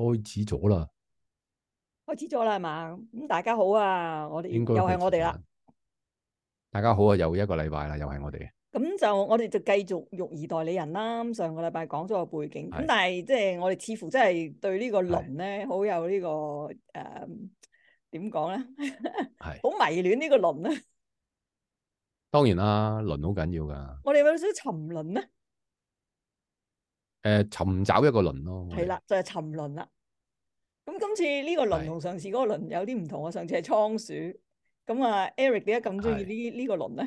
開始咗啦，開始咗啦係嘛？咁大家好啊，我哋應該又係我哋啦。大家好啊，又一個禮拜啦，又係我哋。咁就我哋就繼續育兒代理人啦。上個禮拜講咗個背景，咁是但係即係我哋似乎真係對個輪呢是、這個輪咧好有呢 是個誒，點講咧？係好迷戀呢個輪咧。當然啦，輪好緊要噶。我哋有少少沉淪咧？誒，尋、呃、找一個輪咯，係啦，就係、是、尋輪啦。咁、嗯、今次呢個輪同上次嗰個輪有啲唔同啊。的上次係倉鼠咁啊、嗯、，Eric 點解咁中意呢呢個輪咧？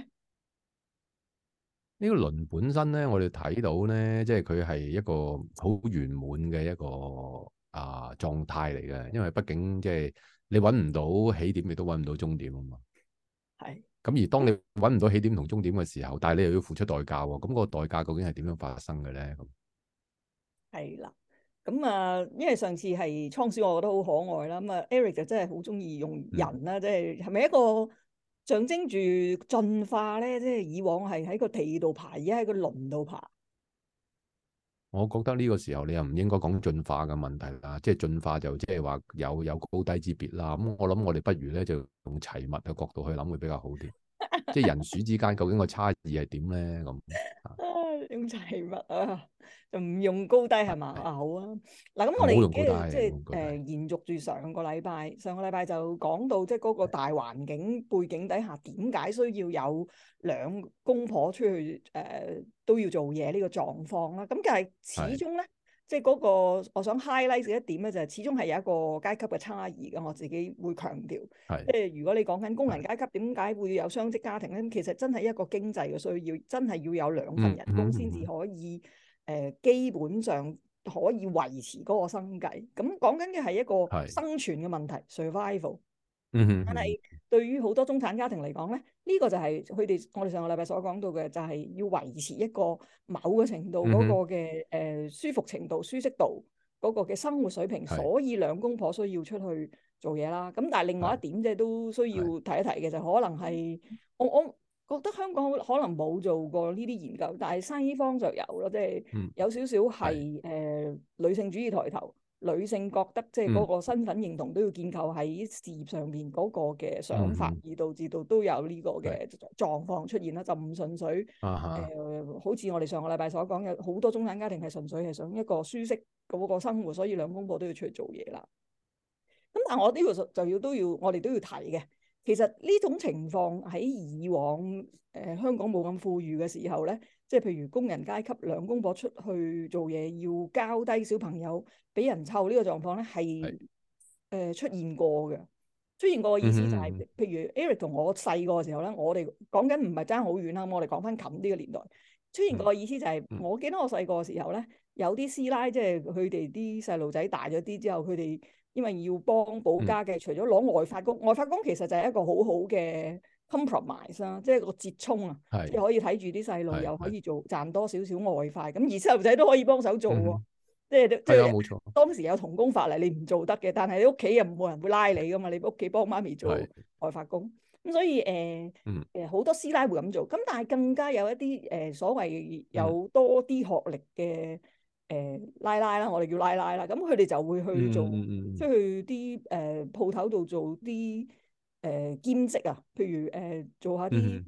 呢的個輪本身咧，我哋睇到咧，即係佢係一個好圓滿嘅一個啊、呃、狀態嚟嘅。因為畢竟即係你搵唔到起點，你都搵唔到終點啊嘛。係咁的而當你搵唔到起點同終點嘅時候，但係你又要付出代價、哦。咁個代價究竟係點樣發生嘅咧？係啦，咁啊，因為上次係倉鼠，我覺得好可愛啦。咁啊，Eric 就真係好中意用人啦，即係係咪一個象徵住進化咧？即係以往係喺個地度爬，而家喺個輪度爬。我覺得呢個時候你又唔應該講進化嘅問題啦，即係進化就即係話有有高低之別啦。咁我諗我哋不如咧就用齊物嘅角度去諗會比較好啲， 即係人鼠之間究竟個差異係點咧？咁。咁係乜啊？就唔用高低係嘛？啊好啊！嗱、嗯，咁我哋即係誒，延、呃、續住上個禮拜，上個禮拜就講到即係嗰個大環境的背景底下，點解需要有兩公婆出去誒、呃、都要做嘢呢個狀況啦。咁但係始終咧。即係嗰個，我想 highlight 一點咧，就係始終係有一個階級嘅差異嘅。我自己會強調，即係是、呃、如果你講緊工人階級，點解是會有雙職家庭咧？其實真係一個經濟嘅需要，真係要有兩份人工先至可以，誒、嗯嗯嗯呃、基本上可以維持嗰個生計。咁講緊嘅係一個生存嘅問題是，survival。嗯，嗯，嗯，但係對於好多中產家庭嚟講咧。呢個就係佢哋我哋上個禮拜所講到嘅，就係要維持一個某個程度嗰個嘅誒、mm hmm. 呃、舒服程度、舒適度嗰個嘅生活水平，是所以兩公婆需要出去做嘢啦。咁但係另外一點即係都需要提一提嘅是，就可能係我我，覺得香港可能冇做過呢啲研究，但係西方就有咯，即係有少少係誒是、呃、女性主義抬頭。女性覺得即係嗰個身份認同都要建構喺事業上面嗰個嘅想法，而、mm hmm. 導致到都有呢個嘅狀況出現啦，mm hmm. 就唔純粹誒、uh huh. 呃。好似我哋上個禮拜所講有好多中產家庭係純粹係想一個舒適嗰個生活，所以兩公婆都要出去做嘢啦。咁但係我呢個就要都要我哋都要提嘅，其實呢種情況喺以往誒、呃、香港冇咁富裕嘅時候咧。即係譬如工人階級兩公婆出去做嘢，要交低小朋友俾人湊呢個狀況咧，係誒出現過嘅。出現過嘅意思就係、是，嗯、哼譬如 Eric 同我細個時候咧，我哋講緊唔係爭好遠啦，我哋講翻近啲嘅年代。出現過嘅意思就係、是，嗯、哼我記得我細個時候咧，有啲師奶即係佢哋啲細路仔大咗啲之後，佢哋因為要幫補家嘅，嗯、哼除咗攞外發工，外發工其實就係一個好好嘅。compromise 啊，即係個折衷啊，即係是可以睇住啲細路，是又可以做賺多少少外快，咁而細路仔都可以幫手做喎，嗯、即係冇錯，當時有童工法例，你唔做得嘅，但係你屋企又冇人會拉你噶嘛，你屋企幫媽咪做外發工，咁的所以誒，誒、呃、好、呃、多師奶會咁做，咁但係更加有一啲誒、呃、所謂有多啲學歷嘅誒奶奶啦，我哋叫奶奶啦，咁佢哋就會去做，即係、嗯嗯嗯、去啲誒鋪頭度做啲。誒、呃、兼職啊，譬如誒、呃、做下啲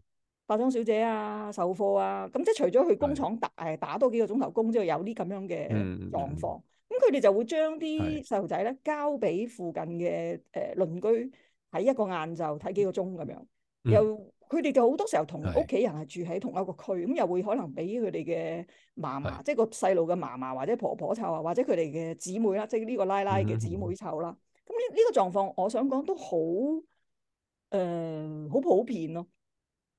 化妝小姐啊、售貨啊，咁、啊嗯、即係除咗去工廠打誒打多幾個鐘頭工之外，有啲咁樣嘅狀況，咁佢哋就會將啲細路仔咧交俾附近嘅誒、呃、鄰居喺一個晏晝睇幾個鐘咁樣，又佢哋就好多時候同屋企人係住喺同一個區，咁的又會可能俾佢哋嘅嫲嫲，的即係個細路嘅嫲嫲或者婆婆湊啊，或者佢哋嘅姊妹啦，即係呢個奶奶嘅姊妹湊啦、啊，咁呢呢個狀況我想講都好。誒，好、呃、普遍咯、哦。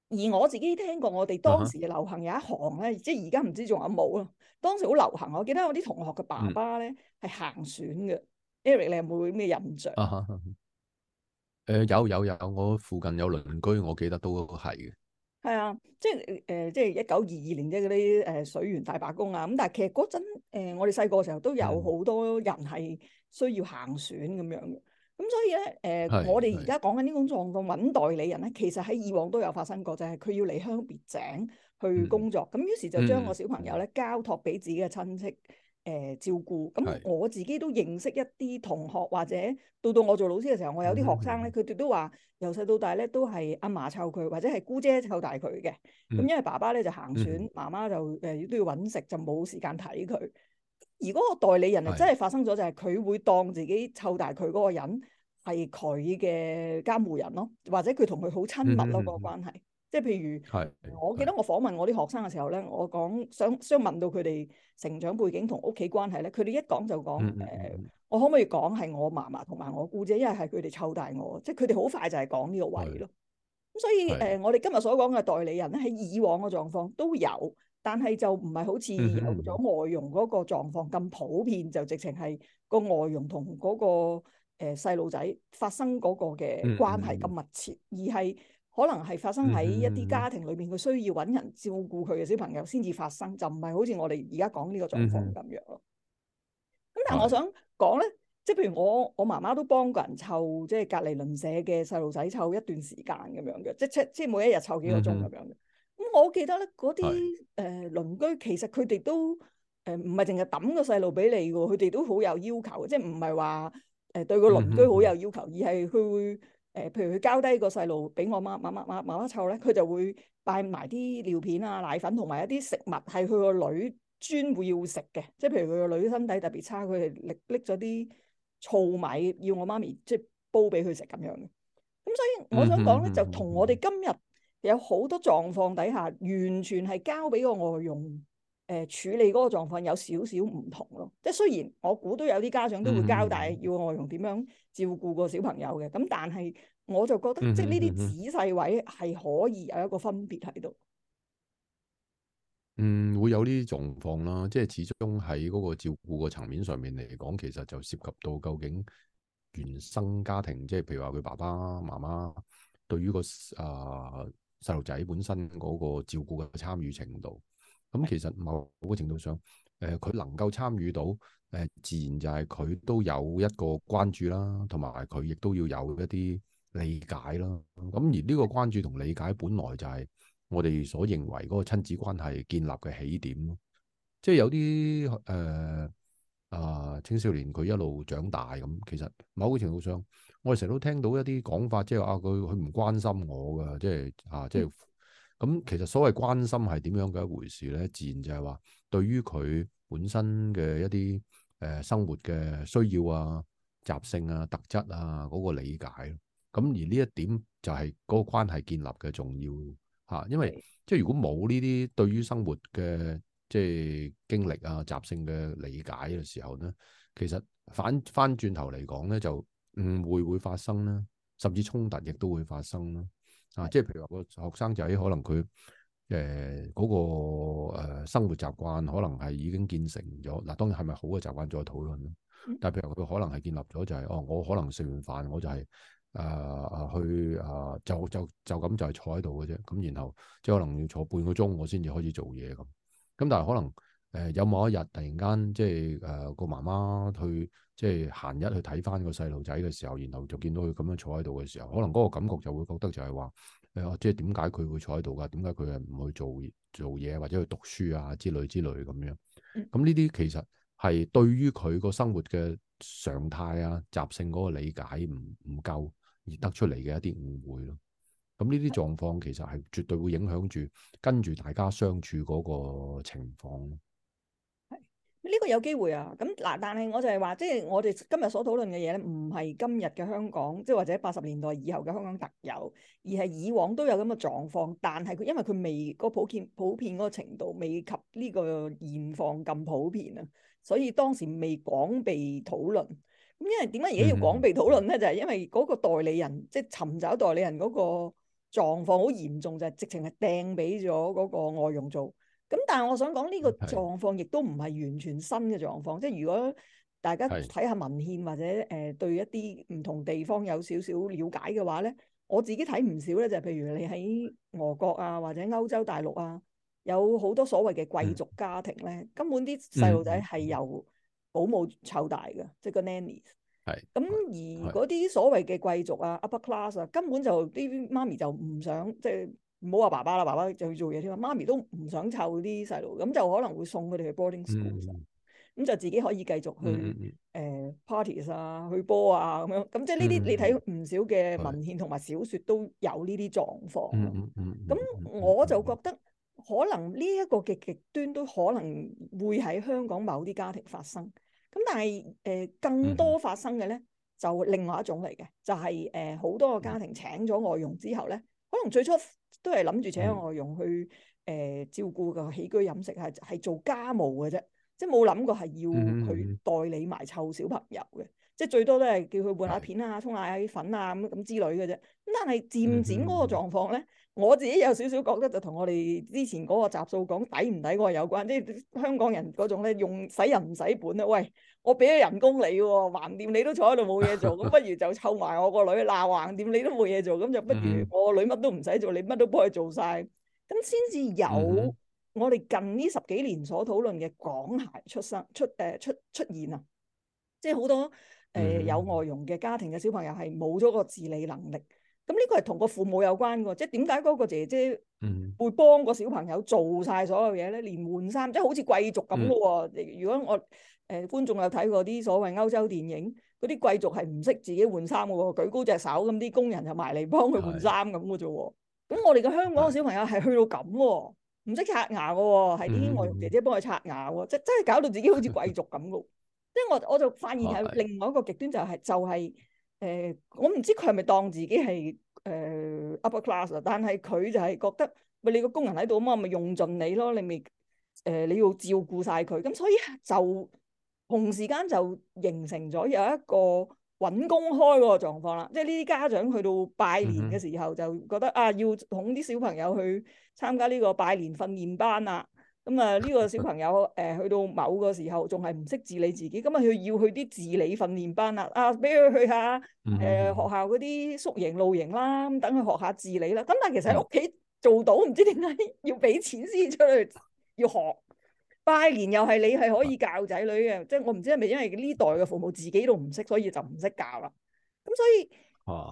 而我自己聽過，我哋當時流行有一行咧，uh huh. 即係而家唔知仲有冇咯。當時好流行，我記得我啲同學嘅爸爸咧係、嗯、行船嘅。Eric，你有冇咩印象？誒、uh huh. 呃，有有有，我附近有鄰居，我記得都係嘅。係啊，即係誒、呃，即係一九二二年嘅，嗰啲誒海員大罷工啊。咁但係其實嗰陣誒，我哋細個嘅時候都有好多人係需要行船咁、uh huh. 樣。咁所以咧，誒、呃，我哋而家講緊呢種狀況，揾代理人咧，其實喺以往都有發生過啫。佢要離鄉別井去工作，咁於、嗯、是就將個小朋友咧、嗯、交託俾自己嘅親戚誒、呃、照顧。咁我自己都認識一啲同學，或者到到我做老師嘅時候，我有啲學生咧，佢哋、嗯、都話由細到大咧都係阿嫲湊佢，或者係姑姐湊大佢嘅。咁、嗯嗯、因為爸爸咧就行船，媽媽就誒、呃、都要揾食，就冇時間睇佢。如果個代理人係真係發生咗，是就係佢會當自己湊大佢嗰個人係佢嘅監護人咯，或者佢同佢好親密嗰個關係。嗯、即係譬如，嗯嗯、我記得我訪問我啲學生嘅時候咧，我講想想問到佢哋成長背景同屋企關係咧，佢哋一講就講誒、呃，我可唔可以講係我嫲嫲同埋我姑姐，因為係佢哋湊大我，即係佢哋好快就係講呢個位咯。咁、嗯嗯、所以誒，我哋今日所講嘅代理人咧，喺以往嘅狀況都有。但係就唔係好似有咗外傭嗰個狀況咁普遍，就直情係個外佣同嗰個誒細路仔發生嗰個嘅關係咁密切，而係可能係發生喺一啲家庭裏面，佢需要揾人照顧佢嘅小朋友先至發生，就唔係好似我哋而家講呢個狀況咁樣咯。咁、嗯嗯嗯、但係我想講咧，即係譬如我我媽媽都幫過人湊，即係隔離鄰舍嘅細路仔湊一段時間咁樣嘅，即係即係每一日湊幾個鐘咁樣嘅。嗯嗯嗯咁、嗯、我記得咧，嗰啲誒鄰居其實佢哋都誒唔係淨係揼個細路俾你嘅喎，佢哋都好有要求，即係唔係話誒對個鄰居好有要求，呃、要求，嗯嗯，而係佢會誒、呃、譬如佢交低個細路俾我媽媽媽媽媽湊咧，佢就會擺埋啲尿片啊、奶粉同埋一啲食物係佢個女專會要食嘅，即係譬如佢個女身體特別差，佢係拎拎咗啲糙米要我媽咪即係煲俾佢食咁樣嘅。咁、嗯、所以我想講咧，就同我哋今日、嗯嗯。嗯有好多狀況底下，完全係交俾個外傭誒、呃、處理嗰個狀況有少少唔同咯。即係雖然我估都有啲家長都會交代要外傭點樣照顧個小朋友嘅。咁、嗯、但係我就覺得，嗯嗯、即係呢啲仔細位係可以有一個分別喺度。嗯，會有呢啲狀況啦。即係始終喺嗰個照顧個層面上面嚟講，其實就涉及到究竟原生家庭，即係譬如話佢爸爸媽媽對於個啊。呃細路仔本身嗰個照顧嘅參與程度，咁其實某個程度上，誒、呃、佢能夠參與到，誒、呃、自然就係佢都有一個關注啦，同埋佢亦都要有一啲理解啦。咁而呢個關注同理解，本來就係我哋所認為嗰個親子關係建立嘅起點咯。即係有啲誒、呃、啊，青少年佢一路長大咁，其實某個程度上。我成日都聽到一啲講法，即係話，佢佢唔關心我㗎，即係啊，即係咁。其實所謂關心係點樣嘅一回事咧，自然就係話對於佢本身嘅一啲誒、呃、生活嘅需要啊、習性啊、特質啊嗰、嗰個理解。咁而呢一點就係嗰個關係建立嘅重要嚇、啊，因為即係如果冇呢啲對於生活嘅即係經歷啊、習性嘅理解嘅時候咧，其實反翻轉頭嚟講咧就。誤會會發生啦，甚至衝突亦都會發生啦。啊，即係譬如話個學生仔，可能佢誒嗰個、呃、生活習慣，可能係已經建成咗。嗱，當然係咪好嘅習慣再討論咯。但係譬如佢可能係建立咗、就係，就係哦，我可能食完飯，我就係誒誒去誒、呃，就就就咁就係坐喺度嘅啫。咁然後即係可能要坐半個鐘，我先至開始做嘢咁。咁但係可能。誒、呃，有某一日突然間即係誒、呃、個媽媽去即係閒日去睇翻個細路仔嘅時候，然後就見到佢咁樣坐喺度嘅時候，可能嗰個感覺就會覺得就係話誒，即係點解佢會坐喺度噶？點解佢係唔去做做嘢或者去讀書啊之類之類咁樣？咁呢啲其實係對於佢個生活嘅常態啊、習性嗰個理解唔唔夠而得出嚟嘅一啲誤會咯。咁呢啲狀況其實係絕對會影響住跟住大家相處嗰個情況。呢個有機會啊！咁嗱，但係我就係話，即係我哋今日所討論嘅嘢咧，唔係今日嘅香港，即係或者八十年代以後嘅香港特有，而係以往都有咁嘅狀況。但係佢因為佢未個普遍普遍嗰個程度，未及呢個現況咁普遍啊，所以當時未廣被討論。咁因為點解而家要廣被討論咧？就係、是、因為嗰個代理人、嗯、即係尋找代理人嗰個狀況好嚴重，就係、是、直情係掟俾咗嗰個外傭做。咁但係我想講呢個狀況亦都唔係完全新嘅狀況，是即係如果大家睇下文獻或者誒、呃、對一啲唔同地方有少少了解嘅話咧，我自己睇唔少咧，就係、是、譬如你喺俄國啊或者歐洲大陸啊，有好多所謂嘅貴族家庭咧，嗯、根本啲細路仔係由保姆湊大嘅，嗯、即個 nannies。係。咁而嗰啲所謂嘅貴族啊 upper class 啊，根本就啲媽咪就唔想即係。唔好話爸爸啦，爸爸就去做嘢添啦。媽咪都唔想湊啲細路，咁就可能會送佢哋去 boarding school，咁、嗯、就自己可以繼續去誒、嗯呃、parties 啊，去 ball 啊咁樣。咁即係呢啲，嗯、你睇唔少嘅文獻同埋小説都有呢啲狀況。咁、嗯嗯嗯、我就覺得可能呢一個嘅極端都可能會喺香港某啲家庭發生。咁但係誒、呃、更多發生嘅咧，就另外一種嚟嘅，就係誒好多個家庭請咗外傭之後咧，可能最初，都係諗住請外傭去誒、呃、照顧個起居飲食，係係做家務嘅啫，即係冇諗過係要佢代理埋湊小朋友嘅，即係最多都係叫佢換下片啊、沖是的 下粉啊咁咁之類嘅啫。咁但係漸漸嗰個狀況咧，我自己有少少覺得就同我哋之前嗰個集數講抵唔抵個有關，即係香港人嗰種咧，用使人唔使本呀，喂。我俾咗人工你喎，橫掂你都坐喺度冇嘢做，咁不如就湊埋我個女。嗱，橫掂你都冇嘢做，咁就不如我個女乜都唔使做，你乜都幫佢做晒，咁先至有我哋近呢十幾年所討論嘅港孩出生出誒出出現啊！即係好多誒有外傭嘅家庭嘅小朋友係冇咗個自理能力。咁呢個係同個父母有關嘅，即係點解嗰個姐姐會幫個小朋友做晒所有嘢咧？連換衫即係好似貴族咁咯喎！如果我誒、呃、觀眾有睇過啲所謂歐洲電影，嗰啲貴族係唔識自己換衫嘅喎，舉高隻手咁，啲工人就埋嚟幫佢換衫咁嘅啫喎。咁是我哋嘅香港嘅小朋友係去到咁喎、哦，唔識刷牙嘅喎、哦，係啲外國姐姐幫佢刷牙喎、嗯嗯，即真係搞到自己好似貴族咁嘅。 即係我我就發現係另外一個極端就係、是、是就係、是、誒、呃，我唔知佢係咪當自己係誒、呃、upper class，但係佢就係覺得喂，你個工人喺度啊嘛，咪用盡你咯，你咪誒、呃、你要照顧晒佢，咁所以就。就就同時間就形成咗有一個揾工開個狀況啦，即係呢啲家長去到拜年嘅時候，就覺得、mm hmm. 啊，要同啲小朋友去參加呢個拜年訓練班啦。咁、嗯、啊、呢、這個小朋友誒、呃,去到某個時候仲係唔識自理自己，咁啊，佢要去啲自理訓練班啦。啊，俾佢去下誒、呃、學校嗰啲宿營露營啦，咁等佢學下自理啦。咁但係其實喺屋企做到，唔知點解要俾錢先出去要學。拜年又係你係可以教仔女嘅，即係我唔知係咪因為呢代嘅父母自己都唔識，所以就唔識教啦。咁所以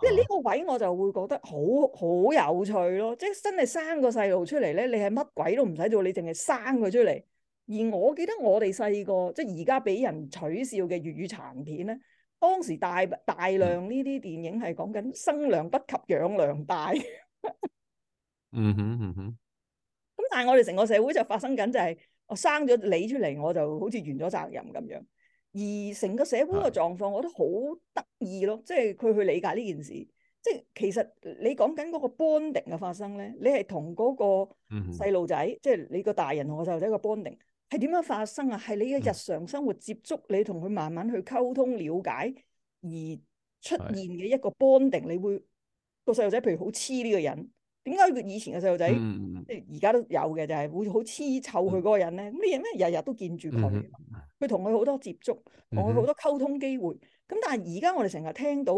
即係呢個位我就會覺得好好有趣咯。即係真係生個細路出嚟咧，你係乜鬼都唔使做，你淨係生佢出嚟。而我記得我哋細個，即係而家俾人取笑嘅粵語殘片咧，當時大大量呢啲電影係講緊生娘不及養娘大。 嗯哼嗯哼。咁但係我哋成個社會就發生緊就係、是。我生咗你出嚟，我就好似完咗責任咁樣。而成個社會嘅狀況，我覺得好得意咯。即係佢去理解呢件事，即係其實你講緊嗰個 bonding 嘅發生咧，你係同嗰個細路仔，嗯、哼即係你個大人同個細路仔嘅 bonding 係點樣發生啊？係你嘅日常生活接觸你，你同佢慢慢去溝通了解而出現嘅一個 bonding，你會個細路仔譬如好黐呢個人，點解以前嘅細路仔，即係而家都有嘅，就係、是、會好黐湊佢嗰個人咧。咁啲嘢咩？日日都見住佢，佢同佢好多接觸，同佢好多溝通機會。咁但係而家我哋成日聽到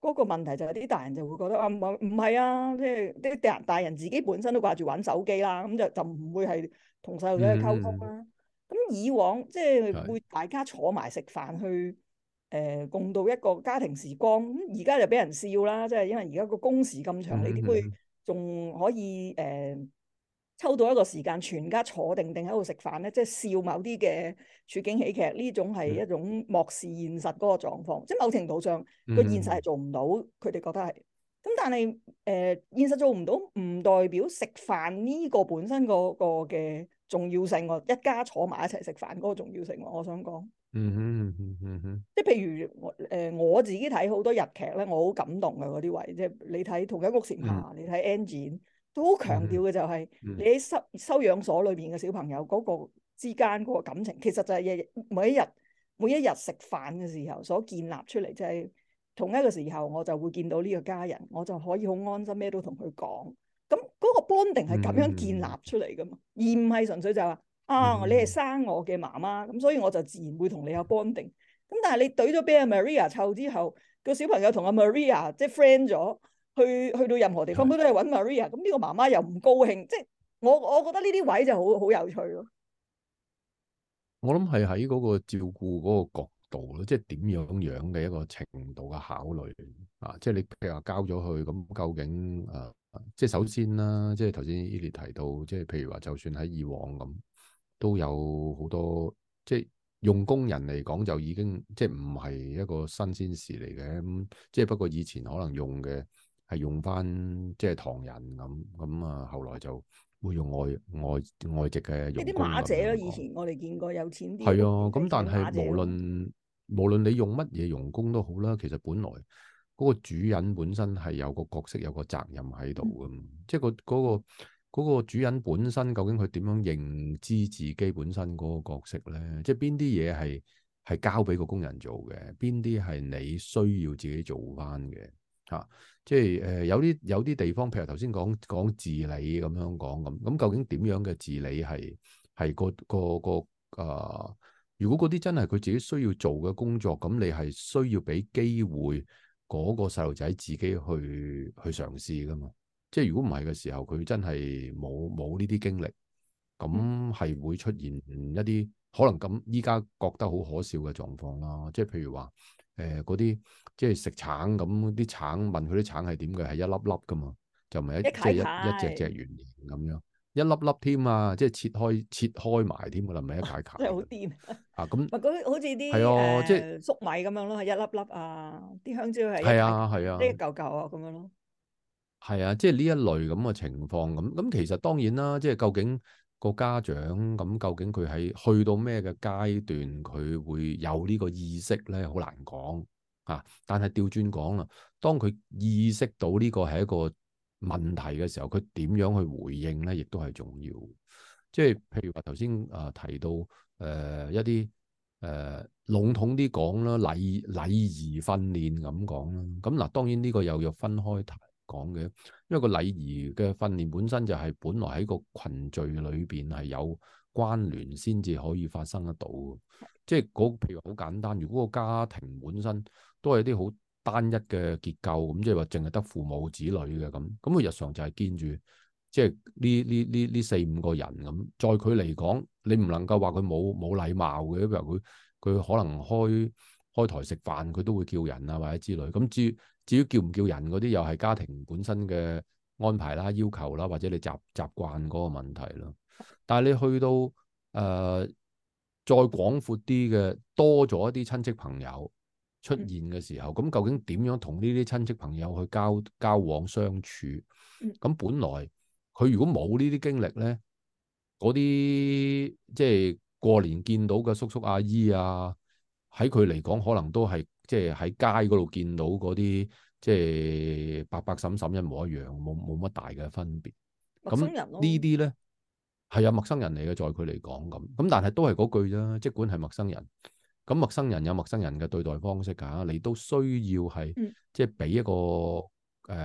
嗰個問題，就係啲大人就會覺得啊，唔係啊，即係啲大大人自己本身都掛住玩手機啦，咁就就唔會係同細路仔去溝通啦。咁、嗯嗯嗯、以往即係、就是、會大家坐埋食飯去，誒、呃、共度一個家庭時光。咁而家就俾人笑啦，即、就、係、是、因為而家個工時咁長，你點會？仲可以誒、呃、抽到一個時間，全家坐定定喺度食飯咧，即係笑某啲嘅處境喜劇，呢種係一種漠視現實嗰個狀況，即係某程度上個現實係做唔到，佢哋、嗯、覺得係。咁但係誒、呃、現實做唔到，唔代表食飯呢個本身嗰、嗰個嘅、嗰個、重要性喎、啊，一家坐埋一齊食飯嗰個重要性、啊、我想講。嗯哼嗯哼嗯嗯嗯，即係譬如我誒、呃、我自己睇好多日劇咧，我好感動噶嗰啲位，即係你睇同一屋檐下，嗯、哼你睇 end 剪都好強調嘅就係、是嗯嗯、你喺收收養所裏邊嘅小朋友嗰、那個之間嗰個感情，其實就係日日每一日每一日食飯嘅時候所建立出嚟，即、就、係、是、同一個時候我就會見到呢個家人，我就可以好安心咩都同佢講，咁嗰個 bonding 係咁樣建立出嚟噶嘛，嗯、哼而唔係純粹就話。啊！你係生我嘅媽媽，咁所以我就自然會同你有 bonding。咁但係你對咗俾阿 Maria 湊之後，個小朋友同阿 Maria 即係 friend 咗，去去到任何地方都 Maria, 的，都係揾 Maria。咁呢個媽媽又唔高興，即係我我覺得呢啲位就好好有趣咯。我諗係喺嗰個照顧嗰個角度咯，即係點樣樣嘅一個程度嘅考慮啊！即係你譬如話交咗佢咁，究竟啊，即係首先啦、啊，即係頭先 Eli 提到，即係譬如話，就算喺以往咁。都有好多即係用工人嚟講，就已經即係唔係一個新鮮事嚟嘅。咁即係不過以前可能用嘅係用翻即係唐人咁，咁啊後來就會用外外外籍嘅，用啲馬姐咯，以前我哋見過有錢啲係啊，咁但係無論無論你用乜嘢用工都好啦，其實本來嗰，那個主人本身係有個角色有個責任喺度嘅。嗯、即係嗰，那個。那個嗰個主人本身究竟佢點樣認知自己本身嗰個角色咧？即係邊啲嘢係係交俾個工人做嘅？邊啲係你需要自己做翻嘅？嚇、啊！即係誒、呃、有啲有啲地方，譬如頭先講講治理咁樣講咁，咁究竟點樣嘅治理係係個個個啊、呃？如果嗰啲真係佢自己需要做嘅工作，咁你係需要俾機會嗰個細路仔自己去去嘗試㗎嘛？即係如果唔係嘅時候，佢真係冇冇呢啲經歷，咁係會出現一啲可能咁依家覺得好可笑嘅狀況咯。即係譬如話誒嗰啲即係食橙咁，啲橙問佢啲橙係點嘅係一粒粒噶嘛，就唔係一即係一,一,一,一,一隻隻圓形咁樣，一粒粒添 啊，即係切開切開埋添啦，唔係一排塊。真係好癲啊！咁、就係，嗰啲好似啲係啊，即係粟米咁樣咯，一粒粒啊，啲香蕉係係啊係啊，一嚿嚿啊咁樣咯。 係啊，即係呢一類咁嘅情況，咁咁，其實當然啦，即係究竟個家長咁、嗯，究竟佢喺去到咩嘅階段，佢會有呢個意識咧？好難講啊。但係調轉講啦，當佢意識到呢個係一個問題嘅時候，佢點樣去回應咧？亦都係重要。即係譬如話頭先啊，提到誒、呃、一啲誒籠統啲講啦，禮禮儀訓練咁講啦，咁嗱、嗯啊，當然呢個又要分開講嘅，因為個禮儀嘅訓練本身就係本來喺個群聚裏邊係有關聯，先至可以發生得到嘅。即係、嗰、譬如好簡單，如果個家庭本身都係啲好單一嘅結構，咁即係話淨係得父母子女嘅咁，咁佢日常就係見住即係呢呢呢呢四五個人咁。在佢嚟講，你唔能夠話佢冇冇禮貌嘅，譬如佢佢可能開開台食飯，佢都會叫人啊或者之類，咁之。至至於叫唔叫人嗰啲，又係家庭本身嘅安排啦、要求啦，或者你習習慣嗰個問題咯。但係你去到誒、呃、再廣闊啲嘅，多咗一啲親戚朋友出現嘅時候，咁究竟點樣同呢啲親戚朋友去交交往相處？咁本來佢如果冇呢啲經歷咧，嗰啲即係過年見到嘅叔叔阿姨啊，喺佢嚟講，可能都係。即係喺街嗰度見到嗰啲，即係白白沈沈一模一樣，冇冇乜大嘅分別。咁、啊、呢啲咧係有陌生人嚟嘅，在佢嚟講咁咁，但係都係嗰句啦。即管係陌生人，咁陌生人有陌生人嘅對待方式㗎、啊，你都需要係即係俾一個誒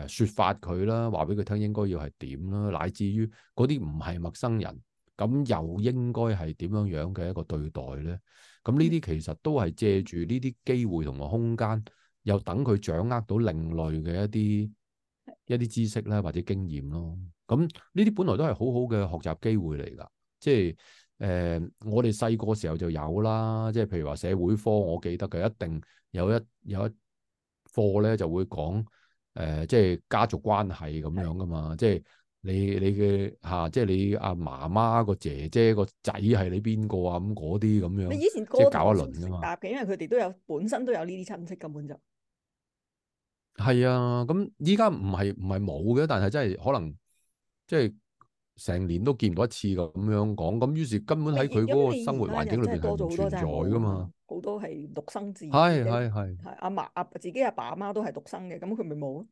説、呃、法佢啦，話俾佢聽應該要係點啦，乃至於嗰啲唔係陌生人，咁又應該係點樣樣嘅一個對待咧？咁呢啲其實都係借住呢啲機會同埋空間，又等佢掌握到另類嘅一啲一啲知識咧，或者經驗咯。咁呢啲本來都係好好嘅學習機會嚟㗎。即係誒、呃，我哋細個時候就有啦。即係譬如話社會科，我記得嘅一定有一有一課咧就會講誒、呃，即係家族關係咁樣㗎嘛。即係。你你嘅吓，即係你阿、啊、媽媽個姐姐，姐，姐，姐，姐個仔係你邊個啊？咁嗰啲咁樣，即係搞一輪噶嘛？答嘅，因為佢哋都有本身都有呢啲親戚根本就係啊。咁依家唔係唔係冇嘅，但係真係可能即係成年都見唔到一次咁樣講。咁於是根本喺佢嗰個生活環境裏面係唔存在噶嘛。好多係獨生子，係係係阿嫲、阿自己阿爸阿媽都係獨生嘅，咁佢咪冇。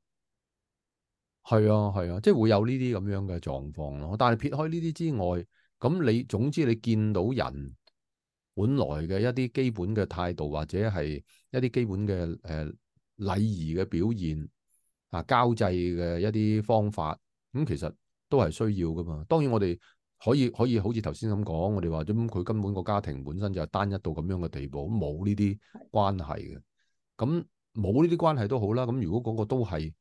係啊，係啊，即係會有呢啲咁樣嘅狀況咯。但係撇開呢啲之外，咁你總之你見到人本來嘅一啲基本嘅態度，或者係一啲基本嘅誒禮儀嘅表現啊，交際嘅一啲方法，咁、嗯、其實都係需要噶嘛。當然我哋可以可以好似頭先咁講，我哋話咁佢根本個家庭本身就係單一到咁樣嘅地步，冇呢啲關係嘅，咁冇呢啲關係都好啦。咁、嗯、如果嗰個都係。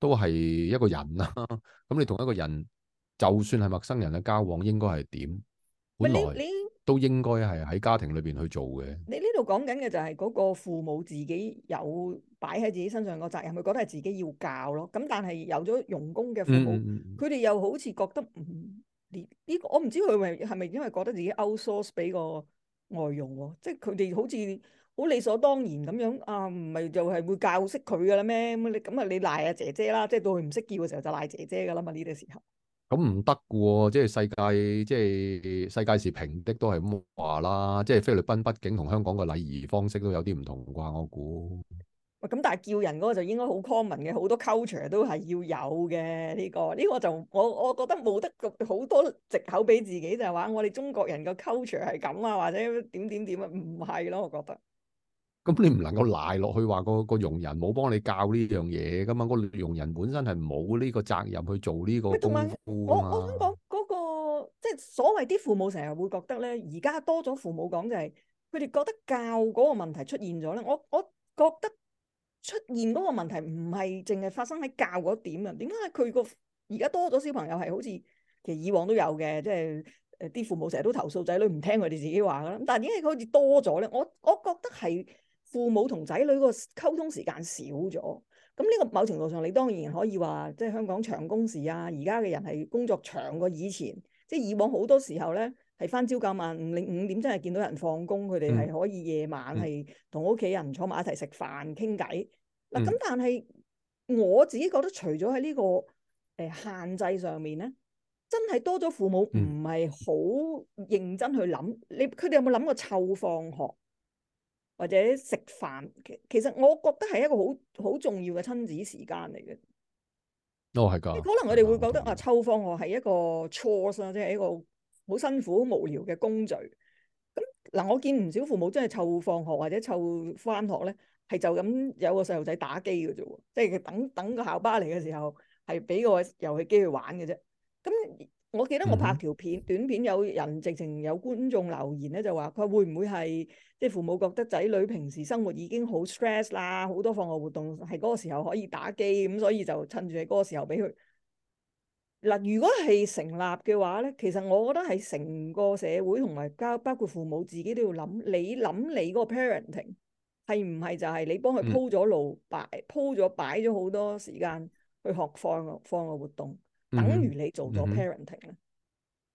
都係一個人啦、啊，咁你同一個人，就算係陌生人嘅交往，應該係點？本來都應該係喺家庭裏邊去做嘅。你呢度講緊嘅就係嗰個父母自己有擺喺自己身上個責任，佢覺得係自己要教咯。咁但係有咗傭工嘅父母，佢哋、嗯嗯、又好似覺得唔呢呢個，我唔知佢咪係咪因為覺得自己 outsource 俾個外傭喎、啊，即係佢哋好似。好理所當然咁樣啊，唔係就係會教識佢㗎啦咩？咁你咁啊，你嗌阿姐姐啦，即係到佢唔識叫嘅時候就嗌姐姐㗎啦嘛，呢啲時候。咁唔得嘅喎，即係世界，即係世界是平的，都係咁話啦。即係菲律賓畢竟同香港嘅禮儀方式都有啲唔同啩，我估。喂、嗯，咁但係叫人嗰個就應該好 common 嘅，好多 culture 都係要有嘅呢個。呢個就我我覺得冇得好多藉口俾自己就係話我哋中國人嘅 culture 係咁啊，或者點點點啊，唔係咯，我覺得。咁你唔能夠賴落去話個個傭人冇幫你教呢樣嘢噶嘛？個傭人本身係冇呢個責任去做呢個功夫啊嘛。我，我想講嗰個即係所謂啲父母成日會覺得咧，而家多咗父母講就係佢哋覺得教嗰個問題出現咗咧。我我覺得出現嗰個問題唔係淨係發生喺教嗰點啊？點解佢個而家多咗小朋友係好似其實以往都有嘅，即係誒啲父母成日都投訴仔女唔聽佢哋自己話噶啦。但係點解佢好似多咗咧？我我覺得係。父母同仔女個溝通時間少咗，咁呢個某程度上，你當然可以話，即係香港長工時啊。而家嘅人係工作長過以前，即係以往好多時候咧，係返朝九晚五，你五點真係見到人放工，佢哋係可以夜晚係同屋企人坐埋一齊食飯傾偈。嗱咁，但係我自己覺得，除咗喺呢個誒限制上面咧，真係多咗父母唔係好認真去諗，嗯、你佢哋有冇諗過湊放學？或者食飯，其其實我覺得係一個好好重要嘅親子時間嚟嘅。都係㗎。可能我哋會覺得啊，湊放學係一個 chores 即係一個好辛苦、好無聊嘅工序。咁嗱，我見唔少父母真係湊放學或者湊返學咧，係就咁有個細路仔打機嘅啫喎，即係等等個校巴嚟嘅時候，係俾個遊戲機去玩嘅啫。咁。我記得我拍條片，mm hmm. 短片有人直情有觀眾留言咧，就話佢會唔會係即係父母覺得仔女平時生活已經好 stress 啦，好多課外活動係嗰個時候可以打機，咁所以就趁住係嗰個時候俾佢。嗱，如果係成立嘅話咧，其實我覺得係成個社會同埋家包括父母自己都要諗，你諗你嗰個 parenting 係唔係就係你幫佢鋪咗路、mm hmm. 鋪擺鋪咗擺咗好多時間去學課外課外活動。等於你做咗 parenting 咧，mm hmm.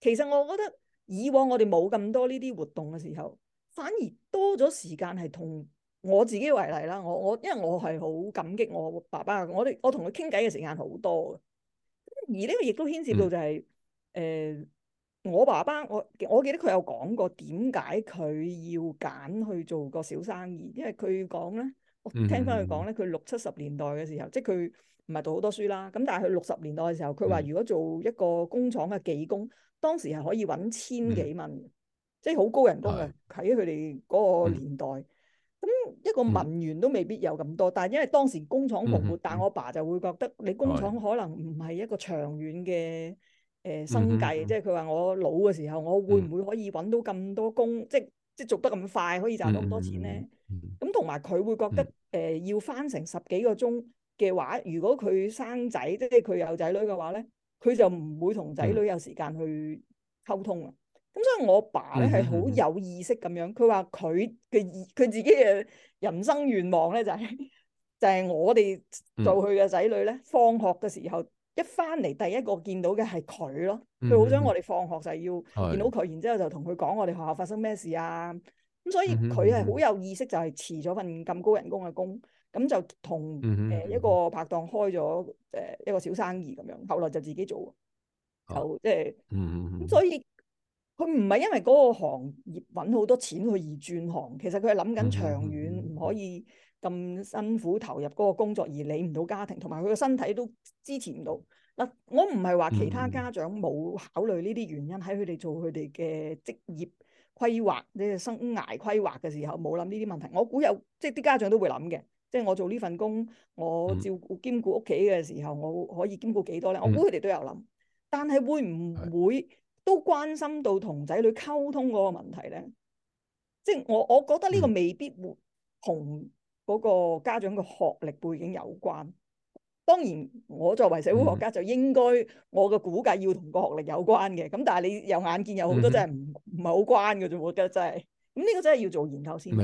其實我覺得以往我哋冇咁多呢啲活動嘅時候，反而多咗時間係同我自己為例啦。我我因為我係好感激我爸爸，我我同佢傾偈嘅時間好多嘅。而呢個亦都牽涉到就係、是、誒、mm hmm. 呃，我爸爸我我記得佢有講過點解佢要揀去做個小生意，因為佢講咧，我聽翻佢講咧，佢、mm hmm. 六七十年代嘅時候，即係佢。唔係讀好多書啦、嗯，咁但係佢六十年代嘅時候，佢話如果做一個工廠嘅技工，當時係可以揾千幾蚊，嗯、即係好高人工嘅喺佢哋嗰個年代。咁一、嗯、個文員都未必有咁多，但係因為當時工廠蓬勃，但我爸就會覺得你工廠可能唔係一個長遠嘅誒、呃、生計，的即係佢話我老嘅時候，我會唔會可以揾到咁多工，的即係即係做得咁快，可以賺到咁多錢呢？咁同埋佢會覺得誒要返成十幾個鐘嘅話，如果佢生仔，即係佢有仔女嘅話咧，佢就唔會同仔女有時間去溝通啊。咁所以我爸咧係好有意識咁樣，佢話佢嘅佢自己嘅人生願望咧就係、就係、我哋做佢嘅仔女咧，mm hmm. 放學嘅時候一翻嚟第一個見到嘅係佢咯。佢好想我哋放學就係要見到佢，mm hmm. 然之後就同佢講我哋學校發生咩事啊。咁所以佢係好有意識，就係辭咗份咁高人工嘅工。咁就同誒一個拍檔開咗誒一個小生意咁樣，後來就自己做，就即係咁。呃嗯，所以佢唔係因為嗰個行業揾好多錢去而轉行，其實佢係諗緊長遠，唔可以咁辛苦投入嗰個工作而理唔到家庭，同埋佢嘅身體都支持唔到。嗱，我唔係話其他家長冇考慮呢啲原因，喺佢哋做佢哋嘅職業規劃，即係生涯規劃嘅時候冇諗呢啲問題。我估有，即係啲家長都會諗嘅。即係我做呢份工，我照顧兼顧屋企嘅時候，我可以兼顧幾多咧？我估佢哋都有諗，嗯、但係會唔會都關心到同仔女溝通嗰個問題咧？即係我我覺得呢個未必會同嗰個家長嘅學歷背景有關。當然，我作為社會學家就應該我嘅估計要同個學歷有關嘅。咁、嗯、但係你有眼見有好多真係唔唔係好關嘅，咋我覺得真係咁呢個真係要做研究先。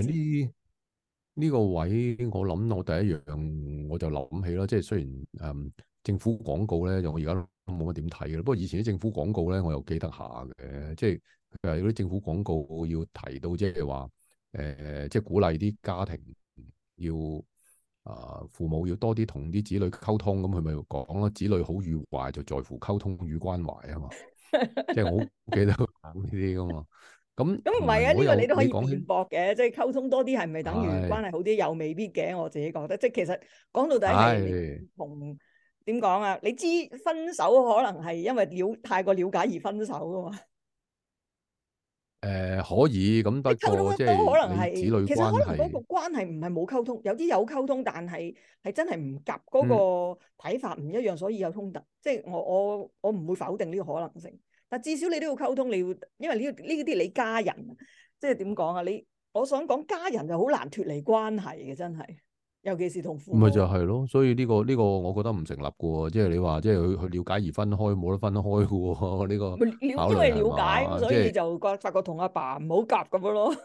呢個位我諗我第一樣我就諗起啦，即係雖然誒、嗯、政府廣告咧，又我而家都冇乜點睇啦。不過以前啲政府廣告咧，我又記得下嘅，即係誒有啲政府廣告要提到，即係話誒，即係鼓勵啲家庭要啊、呃、父母要多啲同啲子女溝通，咁佢咪講咯，子女好與壞就在乎溝通與關懷啊 嘛，即係我記得講呢啲噶嘛。咁咁唔係啊？呢有個你都可以辯駁嘅，說即係溝通多啲，係唔係等於關係好啲？又未必嘅，我自己覺得，即係其實講到底係同點講、哎、啊？你知分手可能係因為了太過了解而分手噶嘛？誒、呃，可以咁，不過即係子女關係，其實可能嗰個關係唔係冇溝通，有啲有溝通，但係係真係唔夾嗰個睇法唔、嗯、一樣，所以有衝突。即係我我我唔會否定呢個可能性。但至少你都要溝通，你要，因為呢呢啲你家人，即係點講啊？你我想講家人就好難脱離關係嘅，真係，尤其是同父母。咪就係咯，所以呢個呢個，這個、我覺得唔成立嘅喎，即係你話即係去去了解而分開，冇得分得開喎呢、呢個。咪了，因為了解，吧所以就覺發覺同阿爸唔好夾咁樣咯吧。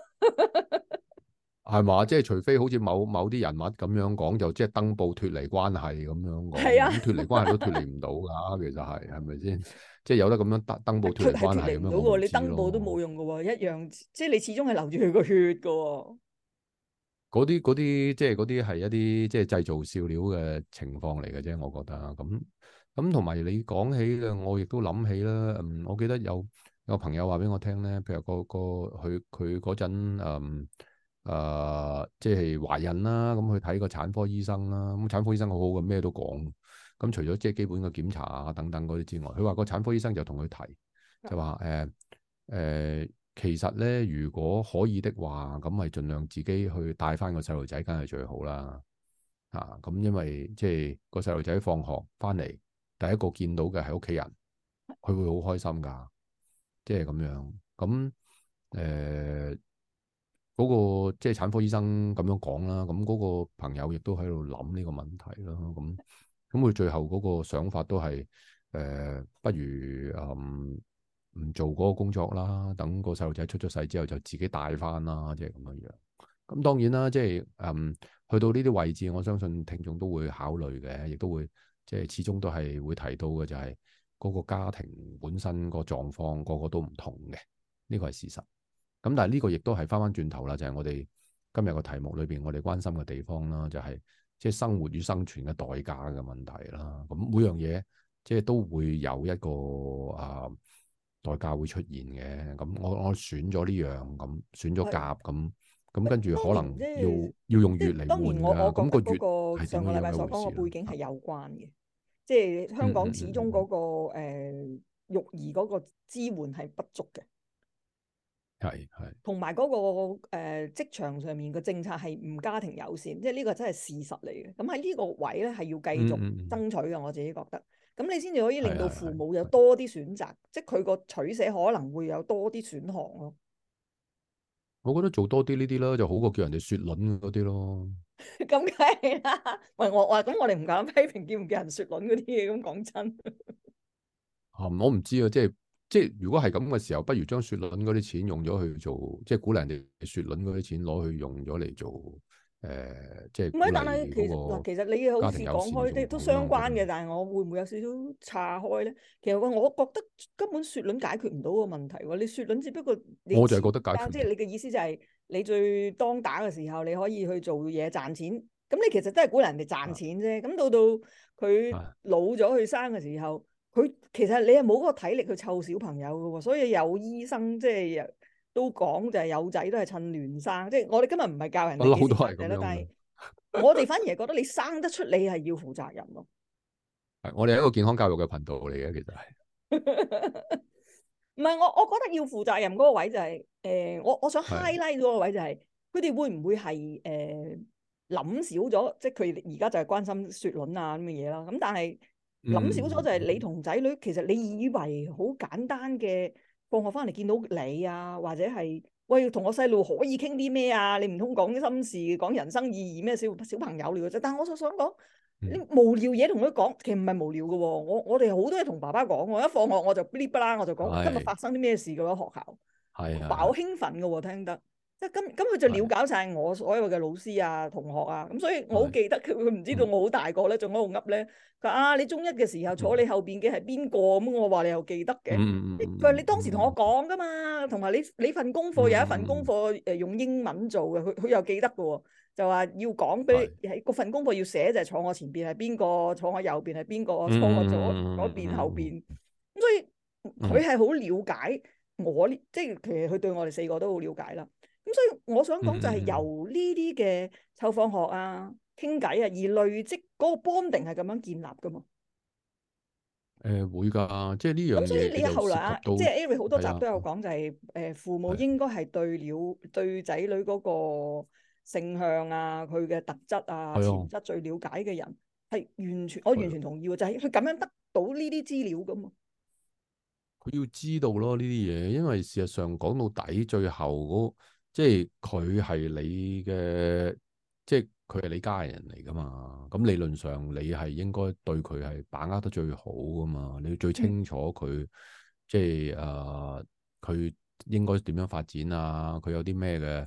係嘛？即係除非好似某某啲人物咁樣講，就即係登報脱離關係咁樣講，脱是、啊、 離關係都脱離唔到㗎。其實係係咪先？係。即係有得咁樣登登報脫離關係咁樣，好嘅。你登報都冇用㗎喎，一樣即係你始終係留住佢個血㗎喎。嗰啲嗰啲即係嗰啲係一啲即係製造笑料嘅情況嚟嘅啫，我覺得。咁咁同埋你講起嘅，我亦都諗起啦。嗯，我記得有有朋友話俾我聽咧，譬如、嗰個個佢佢嗰陣嗯、呃、即係懷孕啦，咁去睇個產科醫生啦。咁產科醫生好好嘅，咩都講。咁、嗯、除咗即係基本嘅檢查啊等等嗰啲之外，佢話個產科醫生就同佢提 Yeah. 就話誒誒，其實咧如果可以的話，咁係盡量自己去帶翻個細路仔，梗係最好啦啊。咁因為即係個細路仔放學翻嚟，第一個見到嘅係屋企人，佢會好開心㗎，即係咁樣。咁誒嗰個即係產科醫生咁樣講啦，咁嗰個朋友亦都喺度諗呢個問題咯，咁。咁佢最後嗰個想法都係，誒、呃，不如，嗯，唔做嗰個工作啦，等個細路仔出咗世之後就自己帶翻啦，即係咁樣樣。咁當然啦，即係，嗯，去到呢啲位置，我相信聽眾都會考慮嘅，亦都會，即係始終都係會提到嘅，就係、是、嗰個家庭本身個狀況，個個都唔同嘅，呢個係事實。咁、嗯、但係呢個亦都係翻翻轉頭啦，就係、是、我哋今日個題目裏邊我哋關心嘅地方啦，就係、是。即係生活與生存嘅代價嘅問題啦，咁每樣嘢即係都會有一個啊、呃、代價會出現嘅，咁我我選咗呢樣咁，選咗甲咁，咁的跟住可能要要用月嚟換啦，咁個月上個禮拜所講嘅背景係有關嘅。即係香港始終嗰、那個誒育兒嗰個支援係不足嘅。係係，同埋嗰個誒呃、職場上面嘅政策係唔家庭友善，即係呢個真係事實嚟嘅。咁喺呢個位咧係要繼續爭取嘅，嗯嗯嗯我自己覺得。咁你先至可以令到父母有多啲選擇，是是是是即係佢個取捨可能會有多啲選項咯。我覺得做多啲呢啲啦，就好過叫人哋雪卵嗰啲咯。咁梗係啦，喂，我我咁我哋唔敢批評，叫唔叫人雪卵嗰啲嘢咁講真。啊， 我唔知啊，即係。即係如果係咁嘅時候，不如將雪卵嗰啲錢用咗去做，即係鼓勵人哋雪卵嗰啲錢攞去用咗嚟做，誒、呃，即係唔係？但係其實嗱、嗯，其實你又好似講開都相關嘅，但係我會唔會有少少岔開咧？其實我我覺得根本雪卵解決唔到個問題喎，你雪卵只不過我就係覺得解決，即係你嘅意思就係你最當打嘅時候你可以去做嘢賺錢，咁你其實都係鼓勵人哋賺錢啫。咁的到到佢老咗去生嘅時候。佢其實你係冇嗰個體力去湊小朋友嘅喎，所以有醫生即係都講就係、是、有仔都係趁亂生，即係我哋今日唔係教人嘅嘅啦，但係是 我哋反而係覺得你生得出，你係要負責任咯。係，我哋係一個健康教育嘅頻道嚟嘅，其實係。唔係 我我覺得要負責任嗰個位就係、是，誒、呃，我我想 highlight 嗰個位就係、是，佢哋會唔會係誒諗少咗？即係佢而家就係關心雪卵啊咁嘅嘢啦。咁但係。諗少咗就係你同仔女，其實你以為好簡單嘅，放學翻嚟見到你啊，或者係喂同我細路可以傾啲咩啊？你唔通講啲心事、講人生意義咩？小小朋友嚟嘅啫。但係我就想講，你無聊嘢同佢講，其實唔係無聊嘅喎。我我哋好多嘢同爸爸講喎。一放學我就噼哩啪啦我就講今日發生啲咩事嘅喎，學校，係啊，爸好興奮嘅喎聽得。即係咁，咁佢就了解晒我所有嘅老師啊、同學啊，咁所以我好記得佢，佢唔知道我好大個咧，仲喺度噏咧。佢啊，你中一嘅時候坐你後邊嘅係邊個？咁我話你又記得嘅。佢話你當時同我講噶嘛，同埋你你份功課有一份功課誒用英文做嘅，佢佢又記得嘅喎。就話要講俾你嗰份功課要寫就係、是、坐我前邊係邊個，坐我右邊係邊個，坐我左嗰邊後邊。咁所以佢係好了解我呢，即係其實佢對我哋四個都好了解啦。所以我想講就係由呢啲嘅抽放學啊、傾偈啊，而累積嗰個 bonding 係咁樣建立噶嘛。誒、呃、會㗎，即係呢樣咁所以你後來啊，即係 Eric 好多集都有講，就係誒父母應該係對了、啊、對仔女嗰個性向啊、佢嘅特質啊、啊潛質最了解嘅人，係完全、啊、我完全同意嘅，啊、就係佢咁樣得到呢啲資料噶嘛。佢要知道咯呢啲嘢，因為事實上講到底，最後、嗰個即係佢係你嘅，即係佢係你家人嚟噶嘛。咁理論上你係應該對佢係把握得最好噶嘛。你要最清楚佢，嗯，即係誒佢應該點樣發展啊？佢有啲咩嘅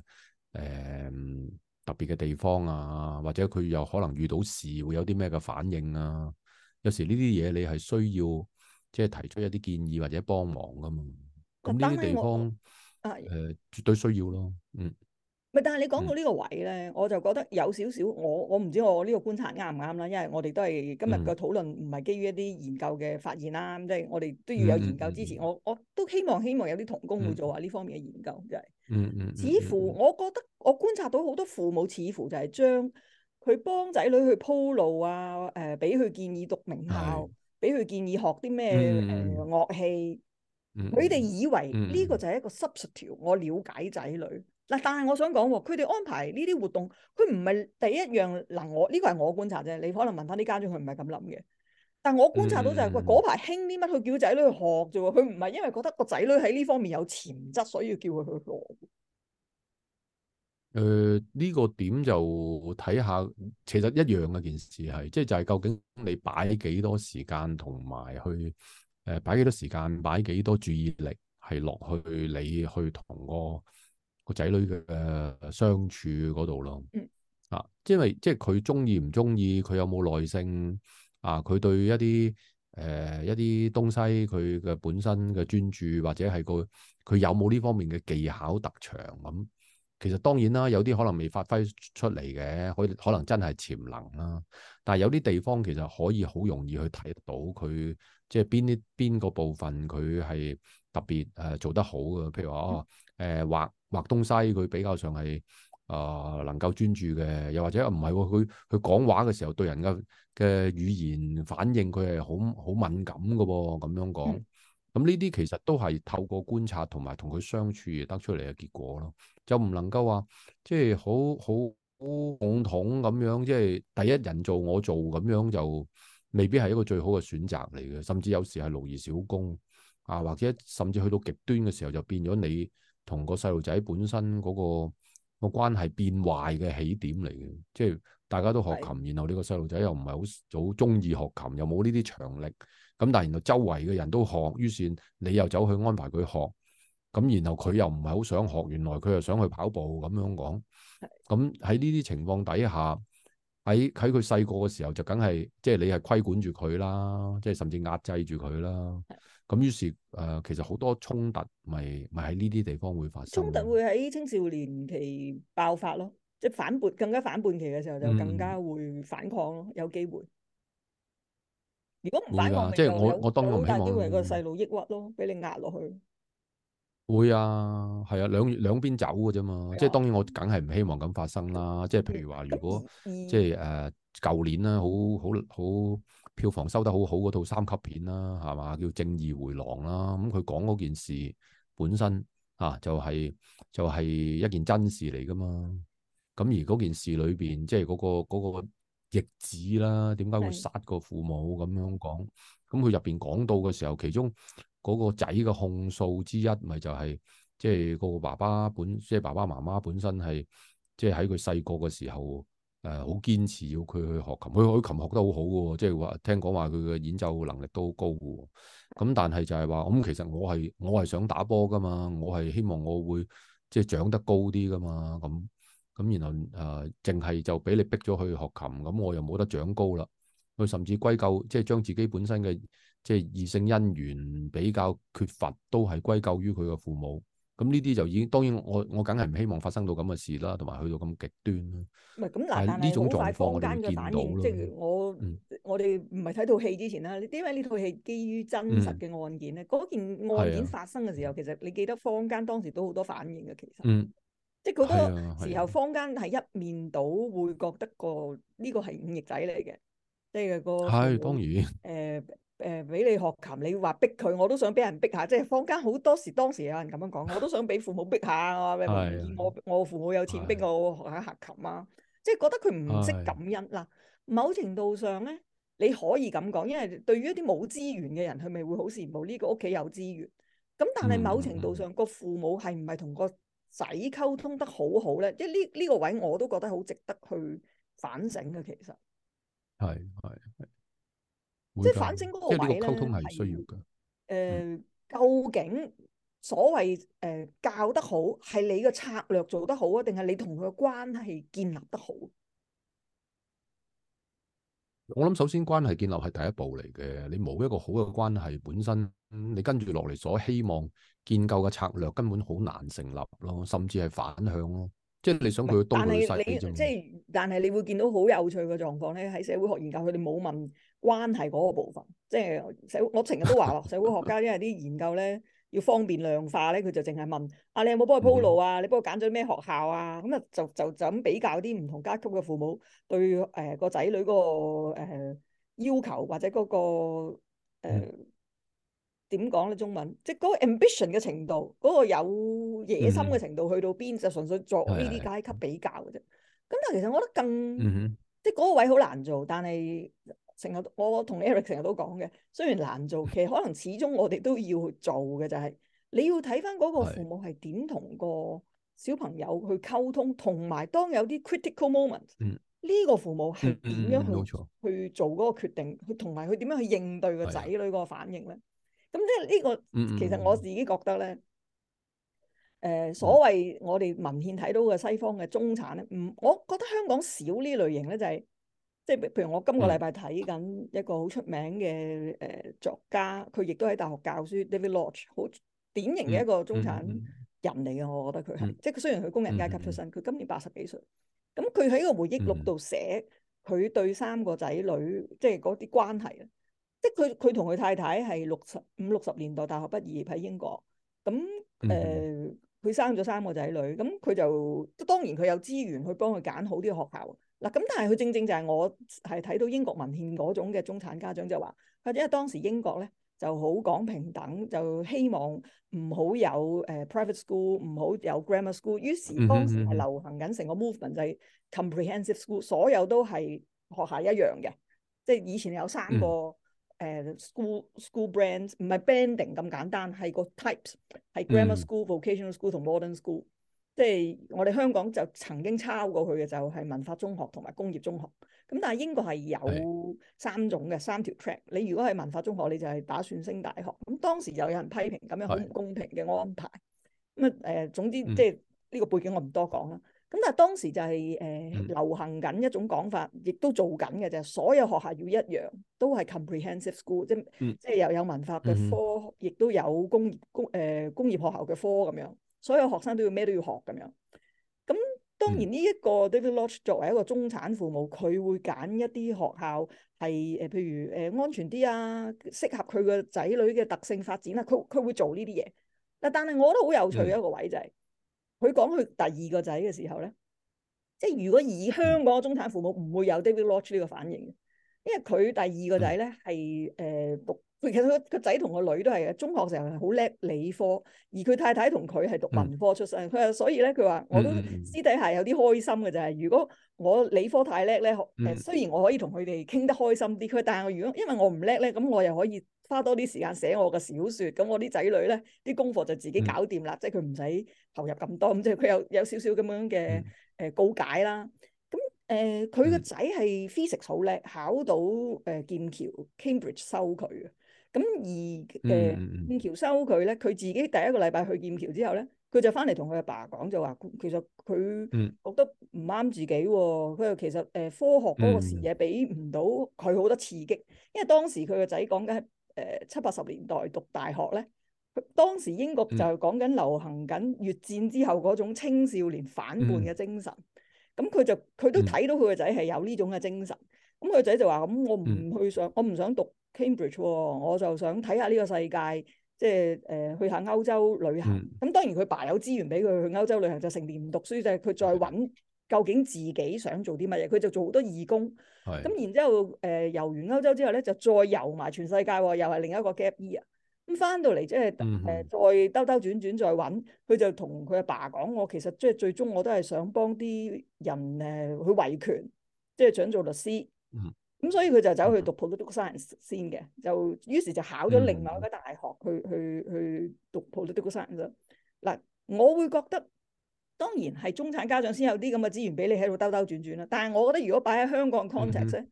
誒特別嘅地方啊？或者佢有可能遇到事會有啲咩嘅反應啊？有時呢啲嘢你係需要即係提出一啲建議或者幫忙噶嘛。咁呢啲地方。啊，誒，絕對需要咯，嗯。咪但係你講到呢個位咧，我就覺得有少少，我我唔知我呢個觀察啱唔啱啦。因為我哋都係今日個討論唔係基於一啲研究嘅發現啦、啊，即係、嗯、我哋都要有研究支持。嗯嗯嗯我我都希望希望有啲同工會做下、啊、呢、嗯、方面嘅研究，就係、是。嗯嗯，嗯，嗯嗯。似乎我覺得我觀察到好多父母似乎就係將佢幫仔女去鋪路啊，誒、呃，俾佢建議讀名校，俾佢建議學啲咩誒樂器。嗯嗯嗯佢哋、嗯嗯嗯、以為呢個就係一個 subscribe 條，我了解仔女嗱。但係我想講，佢哋安排呢啲活動，佢唔係第一樣。嗱，我呢個係我觀察啫，你可能問翻啲家長，佢唔係咁諗嘅。但我觀察到就係，喂嗰排興啲乜，去叫仔女去學啫。佢唔係因為覺得個仔女喺呢方面有潛質，所以要叫佢去學。誒、呃、呢、這個點就睇下，其實一樣嘅件事係，即係就係、是、究竟你擺幾多時間同埋去。誒，擺幾多時間，擺幾多注意力係落去你去同個個仔女嘅相處嗰度咯。啊，因為即係佢中意唔中意，佢有冇耐性啊？佢對一啲誒、呃、一啲東西，佢嘅本身嘅專注，或者係個佢有冇呢方面嘅技巧特長咁、啊。其實當然啦，有啲可能未發揮出嚟嘅，可可能真係潛能啦。但係有啲地方其實可以好容易去睇到佢。即係邊啲邊個部分佢係特別誒、呃、做得好嘅？譬如話哦誒、呃、畫畫東西佢比較上係啊、呃、能夠專注嘅，又或者唔係喎，佢佢講話嘅時候，對人嘅嘅語言反應佢係好好敏感嘅喎，咁樣講，咁呢啲其實都係透過觀察同埋同佢相處得出嚟嘅結果咯，就唔能夠話即係好好籠統咁樣即係第一人做我做咁樣就。未必係一個最好嘅選擇嚟嘅，甚至有時係勞而少功啊，或者甚至去到極端嘅時候，就變咗你同個細路仔本身嗰個、嗰個關係變壞嘅起點嚟嘅，即係大家都學琴，的然後呢個細路仔又唔係好好鍾意學琴，又冇呢啲長力，咁但係然後周圍嘅人都學，於是你又走去安排佢學，咁然後佢又唔係好想學，原來佢又想去跑步咁樣講，咁喺呢啲情況底下。喺喺佢細個嘅時候就梗係，即係你係規管住佢啦，即係甚至壓制住佢啦。咁於是誒的、呃，其實好多衝突咪咪喺呢啲地方會發生。衝突會喺青少年期爆發咯，即係反叛更加反叛期嘅時候就更加會反抗咯，嗯、有機會。如果唔反抗，即係、啊就是、我我當然唔希望。但係都係個細路抑鬱咯，俾你壓落去。會啊，係啊，兩兩邊走㗎啫嘛。即係當然，我梗係唔希望咁發生啦。即係譬如話，如果即係誒舊年啦，好好好票房收得好好嗰套三級片啦，係嘛？叫《正義回廊》啦。咁佢講嗰件事本身啊，就係就係一件真事嚟噶嘛。咁而嗰件事裏邊，即係嗰個嗰個逆子啦，點解會殺個父母咁樣講？咁佢入邊講到嘅時候，其中嗰個仔嘅控訴之一，咪就係即係個爸爸本即係、就是、爸爸媽媽本身係即係喺佢細個嘅時候誒，好、呃、堅持要佢去學琴，佢學琴學得好好喎，即係話聽講話佢嘅演奏能力都高嘅喎。咁但係就係話咁，其實我係我係想打波㗎嘛，我係希望我會即係、就是、長得高啲㗎嘛。咁咁然後誒，淨、呃、係就俾你逼咗去學琴，咁我又冇得長高啦。佢甚至歸咎即係將自己本身嘅。即係異性姻緣比較缺乏，都係歸咎於佢嘅父母。咁呢啲就已經當然，我我梗係唔希望發生到咁嘅事啦，同埋去到咁極端啦。唔係咁嗱，但係呢種狀況我見到咯。即係我我哋唔係睇套戲之前啦，因為呢套戲基於真實嘅案件咧，嗰件案件發生嘅時候，其實你記得坊間當時都好多反應嘅，其實。嗯。即係好多時候，坊間係一面倒會覺得個呢個係忤逆仔嚟嘅，即係個係當然。誒。誒，俾你學琴，你話逼佢，我都想俾人逼下。即係坊間好多時，當時有人咁樣講，我都想俾父母逼下。我 我，我父母有錢逼我學下學琴啊！的即係覺得佢唔識感恩嗱。的某程度上咧，你可以咁講，因為對於一啲冇資源嘅人，佢咪會好羨慕呢個屋企有資源。咁但係某程度上，個父母係唔係同個仔溝通得好好咧？即係呢呢個位，我都覺得好值得去反省嘅。其實係係。即係反正嗰個呢個溝通係需要㗎。誒、呃，究竟所謂誒、呃、教得好，係你個策略做得好啊，定係你同佢嘅關係建立得好？我諗首先關係建立係第一步嚟嘅，你冇一個好嘅關係，本身你跟住落嚟所希望建構嘅策略，根本好難成立咯，甚至係反向咯。即係你想佢去東路西即係但係，是你，你、就係、你會見到好有趣嘅狀況咧，喺社會學研究佢哋冇問關係嗰個部分，即係社會我成日都話 社會學家因為啲研究咧要方便量化咧，佢就淨係問啊，你有冇幫佢鋪路啊？你幫佢揀咗咩學校啊？咁、嗯、啊就就就咁比較啲唔同階級嘅父母對誒個仔女嗰個、呃、要求或者嗰、嗰個、呃嗯點講咧？中文即係嗰個 ambition 嘅程度，嗰、嗰個有野心嘅程度去到邊？嗯、哼就純粹作呢啲階級比較嘅啫。咁、嗯、哼但係其實我覺得更即係嗰個位好難做。但係成日我同 Eric 成日都講嘅，雖然難做，其實可能始終我哋都要去做嘅就係、是、你要睇翻嗰個父母係點同個小朋友去溝通，同埋、嗯、哼當有啲 critical moment，呢、嗯、哼個父母係點樣去、嗯、哼去做嗰個決定，佢同埋佢點樣去應對個仔女個反應咧？咁即係呢個，其實我自己覺得咧，誒所謂我哋文獻睇到嘅西方嘅中產咧，唔，我覺得香港少呢類型咧，就係即係譬如我今個禮拜睇緊一個好出名嘅誒作家，佢亦都喺大學教書，David Lodge，好典型嘅一個中產人嚟嘅，我覺得佢係，即係佢雖然佢工人階級出身，佢今年八十幾歲，咁佢喺個回憶錄度寫佢對三個仔女即係嗰啲關係啊。即係佢佢同佢太太係六十五六十年代大學畢業喺英國，咁誒佢生咗三個仔女，咁佢就當然佢有資源去幫佢揀好啲學校。嗱咁，但係佢正正就係我係睇到英國文獻嗰種嘅中產家長就係話，或者因為當時英國咧就好講平等，就希望唔好有誒、呃、private school，唔好有 grammar school。於是當時係流行緊成個 movement 就係 comprehensive school，所有都係學校一樣嘅，即係以前有三個、嗯。誒、uh, school school brands 唔係 banding 咁簡單，係個 types 係 grammar school、vocational school 同 modern school。Mm. 即係我哋香港就曾經抄過佢嘅，就係文化中學同埋工業中學。咁但係英國係有三種嘅是三條 track。你如果係文化中學，你就係打算升大學。咁當時又有人批評咁樣好唔公平嘅安排。咁啊誒，嗯、總之即係呢個背景我唔多講啦。咁但係當時就係、是、誒、呃、流行緊一種講法，亦都做緊嘅就係所有學校要一樣，都係 comprehensive school，即、嗯、即係又有文化嘅科，亦都有工業工誒、呃、工業學校嘅科咁樣。所有學生都要咩都要學咁樣。咁當然呢一個的的 David Lodge 作為一個中產父母，佢會揀一啲學校係誒、呃，譬如誒、呃、安全啲啊，適合佢個仔女嘅特性發展啊。佢佢會做呢啲嘢。嗱，但係我覺得好有趣嘅一個位就係、是。嗯佢講佢第二個仔嘅時候咧，即係如果以香港中產父母唔會有 David Lodge 呢個反應，因為佢第二個仔咧係誒讀。其實佢個仔同個女都係嘅，中學時候係好叻理科，而佢太太同佢係讀文科出身。佢話，嗯、所以咧，佢話我都私底下有啲開心嘅就係，如果我理科太叻咧，誒，呃、雖然我可以同佢哋傾得開心啲，佢但係如果因為我唔叻咧，咁我又可以花多啲時間寫我嘅小説。咁我啲仔女咧啲功課就自己搞掂啦，嗯，即係佢唔使投入咁多。咁即係佢有有少少咁樣嘅誒告解啦。咁誒佢，呃、個仔係 physics 好叻，考到誒，呃、劍橋 Cambridge 收佢咁而嘅劍橋收佢咧，佢自己第一個禮拜去劍橋之後咧，佢就翻嚟同佢阿爸講就話，其實佢覺得唔啱自己喎、哦。佢又、嗯、其實誒、呃、科學嗰個時事嘢俾唔到佢好多刺激，因為當時佢個仔講緊誒七八十年代讀大學咧，當時英國就係講緊流行緊越戰之後嗰種青少年反叛嘅精神。咁佢、嗯嗯、就佢都睇到佢個仔係有呢種嘅精神。咁佢仔就話：咁、嗯、我唔去想，我唔想讀 Cambridge，我就想睇下呢個世界，即係誒、呃、去下歐洲旅行。咁、嗯、當然佢爸有資源俾佢去歐洲旅行，就成年唔讀書，就係佢再揾究竟自己想做啲乜嘢。佢就做好多義工，咁是然之後誒遊、呃、完歐洲之後咧，就再遊埋全世界，又係另一個 gap year。咁、e、翻到嚟即係誒再兜兜轉轉再揾，佢就同佢阿爸講：我其實即係最終我都係想幫啲人誒去維權，即、就、係、是、想做律師。咁所以佢就走去讀 political science 先嘅，就於是就考咗另外一間大學去去去讀 political science 啫。嗱，我會覺得當然係中產家長先有啲咁嘅資源俾你喺度兜兜轉轉啦。但係我覺得如果擺喺香港 context 咧，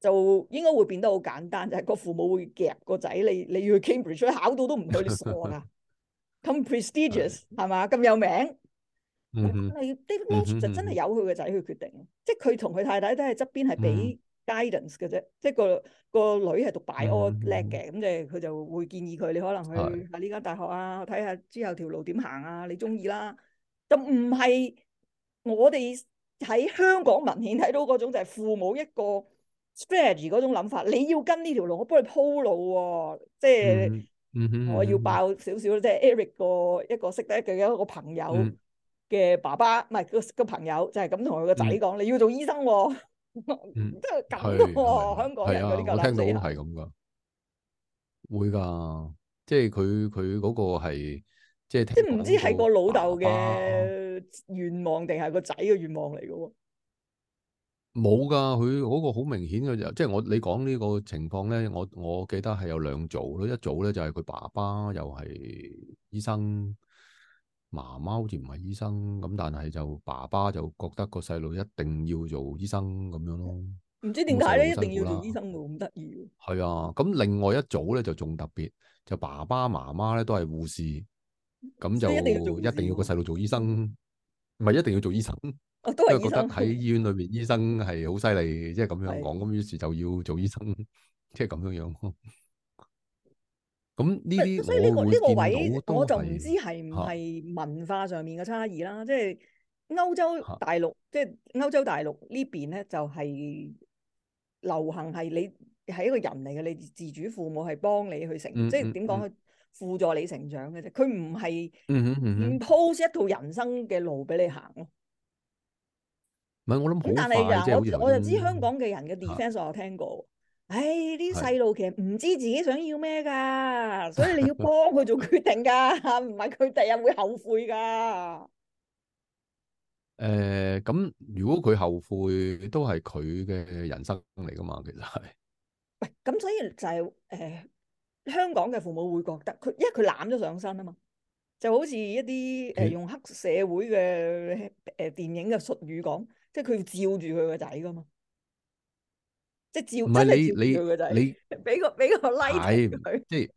就應該會變得好簡單，就係個父母會夾個仔，你你要去 Cambridge，所以考到都唔去，你傻㗎。咁 prestigious 係嘛？咁有名，嗯，係啲咩就真係由佢個仔去決定，即係佢同佢太太都喺側邊係俾。guidance 嘅啫，即係個個女係讀白醫叻嘅，咁即係佢就會建議佢，你可能去喺呢間大學啊，睇下之後條路點行啊，你中意啦。就唔係我哋喺香港明顯睇到嗰種，就係父母一個 strategy 嗰種諗法。你要跟呢條路，我幫你鋪路喎、啊。即係我要爆少少，即係 Eric 個一個識得嘅一個朋友嘅爸爸，唔係個個朋友就係咁同佢個仔講，嗯嗯、你要做醫生喎、啊。即係咁喎，香港嘅係啊，我聽到係咁噶，會噶，即係佢佢嗰個係即係聽。唔知係個老豆嘅願望定係個仔嘅願望嚟噶喎？冇噶，佢嗰個好明顯嘅，即係我你講呢個情況咧，我我記得係有兩組咯，一組咧就係佢爸爸又係醫生。媽媽好似唔係醫生咁，但係就爸爸就覺得個細路一定要做醫生咁樣咯。唔知點解咧，一定要做醫生咁得意。係啊，咁另外一組咧就仲特別，就爸爸媽媽咧都係護士，咁就一定要個細路做醫生，唔係一定要做醫生。啊、都係醫生，因為覺得喺醫院裏邊醫生係好犀利，即係咁樣講，咁的於是就要做醫生，即係咁樣樣。咁呢啲，所以呢個呢個位，我就唔知係唔係文化上面嘅差異啦。即係歐洲大陸，即係歐洲大陸呢邊咧，就係流行係你係一個人嚟嘅，你自主父母係幫你去成，即係點講？輔助你成長嘅啫，佢唔係 impose 一套人生嘅路俾你行咯。唔係，我諗好快，即係好似我就知香港嘅人嘅 defense，我有聽過。唉，啲細路其實唔知自己想要咩噶，所以你要幫佢做決定噶，唔係佢第日會後悔噶。誒、呃，咁如果佢後悔，都係佢嘅人生嚟噶嘛，其實係。喂，咁所以就係、是、誒、呃，香港嘅父母會覺得，佢因為佢攬咗上身啊嘛，就好似一啲誒、呃、用黑社會嘅誒、呃、電影嘅術語講，即係佢照住佢個仔噶嘛。即係照真係照佢就係，俾個俾個 like 佢，即係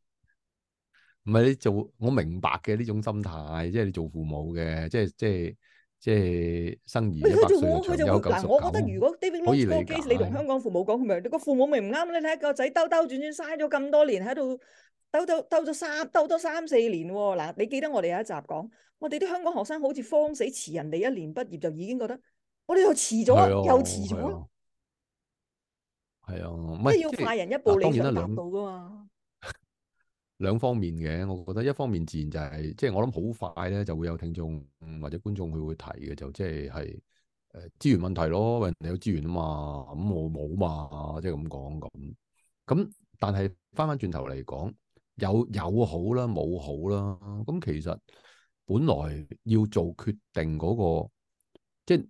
唔係你做？我明白嘅呢種心態，即係你做父母嘅，即係即係即係生兒。佢就我佢就嗱，我覺得如果 David 嗰個 case，你同香港父母講，咪你個父母咪唔啱咧？你睇個仔兜兜轉轉嘥咗咁多年喺度，兜兜兜咗三兜咗三四年。嗱，你記得我哋有一集講，我哋啲香港學生好似慌死遲人哋一年畢業就已經覺得，我哋又遲咗，又遲咗。係啊，乜就係要快人一步，啊，你先答到噶嘛啊。兩方面嘅，我覺得一方面自然就係，即係我諗好快咧就會有聽眾或者觀眾佢會提嘅，就即係係誒資源問題咯。人哋有資源啊嘛，咁我冇嘛，即係咁講咁。咁但係翻翻轉頭嚟講，有有好啦，冇好啦。咁其實本來要做決定嗰個，即係。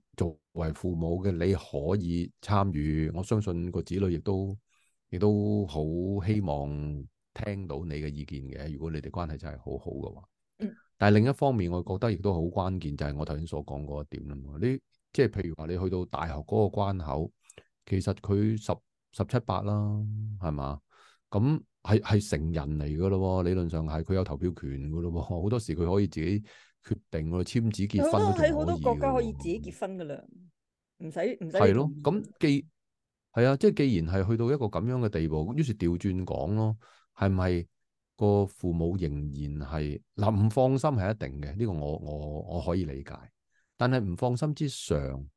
為父母嘅你可以參與，我相信個子女亦都亦都好希望聽到你嘅意見嘅。如果你哋關係真係好好嘅話，嗯。但係另一方面，我覺得亦都好關鍵，就係我頭先所講嗰一點咯。你即係譬如話你去到大學嗰個關口，其實佢十十七八啦，係嘛？咁係係成人嚟噶咯，理論上係佢有投票權噶咯。好多時佢可以自己決定簽紙結婚，喺好多國家可以自己結婚噶啦。嗯嗯唔使，係咯，咁既係啊，即係既然係去到一個咁樣嘅地步，於是調轉講咯，係咪係個父母仍然係嗱唔放心係一定嘅，呢、呢個我我我可以理解，但係唔放心之上，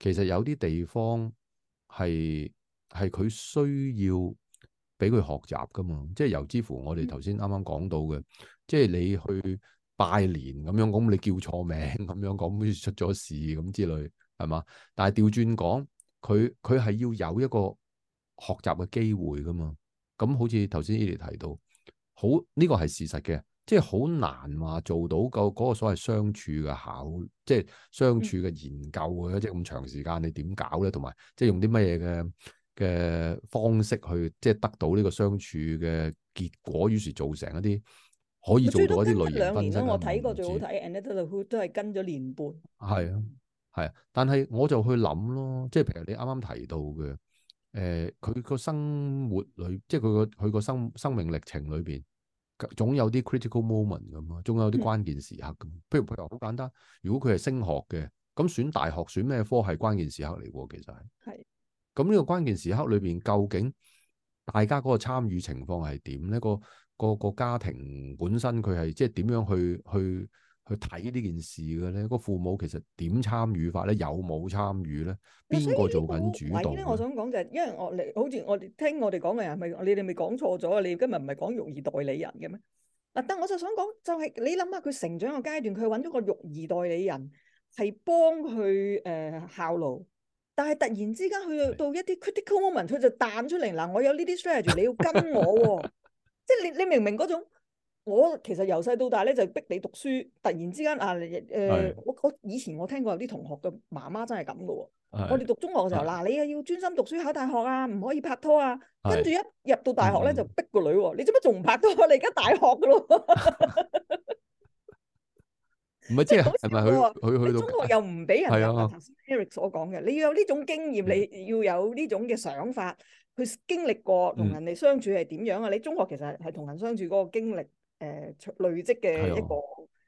其實有啲地方係係佢需要俾佢學習噶嘛，即係由之乎我哋頭先啱啱講到嘅，嗯、即係你去拜年咁樣講，你叫錯名咁樣講，好似出咗事咁之類。係嘛？但係調轉講，佢佢係要有一個學習嘅機會噶嘛？咁好似頭先 Eli 提到，好呢個係事實嘅，即係好難話做到夠個所謂相處嘅考，即係相處嘅研究嘅，即係咁長時間你點搞咧？同埋即係用啲乜嘢嘅嘅方式去，即係得到呢個相處嘅結果，於是造成一啲可以做到一啲類型分身我睇過,過最好睇，Andy 都都都係跟咗年半，係啊。係，但係我就去諗咯，即係譬如你啱啱提到嘅，誒、呃，佢個生活裏，即係佢個佢個生生命歷程裏邊，總有啲 critical moment 咁啊，仲有啲關鍵時刻咁，嗯、譬如譬如好簡單，如果佢係升學嘅，咁選大學選咩科係關鍵時刻嚟㗎，其實係。係嘅。咁呢個關鍵時刻裏邊，究竟大家嗰個參與情況係點咧？嗰個、嗰個家庭本身佢係即係點樣去去？去睇呢件事嘅咧，個父母其實點參與法咧，有冇參與咧？邊個做緊主動？所以呢個位咧，我想講就係、是，因為我嚟，好似我聽我哋講嘅人，咪你哋咪講錯咗啊？你今日唔係講育兒代理人嘅咩？嗱，但我就想講、就是，就係你諗下佢成長個階段，佢揾咗個育兒代理人係幫佢誒、呃、效勞，但係突然之間去到一啲 critical moment，佢的就彈出嚟，嗱，我有呢啲 strategy，你要跟我喎、哦， 即係你你明唔明嗰種？我其實由細到大咧就逼你讀書。突然之間啊，誒，我我以前我聽過有啲同學嘅媽媽真係咁嘅喎。我哋讀中學嘅時候，嗱，你又要專心讀書考大學啊，唔可以拍拖啊。跟住一入到大學咧就逼個女喎，你做乜仲唔拍拖？你而家大學嘅咯。唔係即係，係咪佢佢去到中學又唔俾人？係啊。頭先 Eric 所講嘅，你要有呢種經驗，你要有呢種嘅想法，去經歷過同人哋相處係點樣啊？你中學其實係係同人相處嗰個經歷。誒、呃，累積嘅一個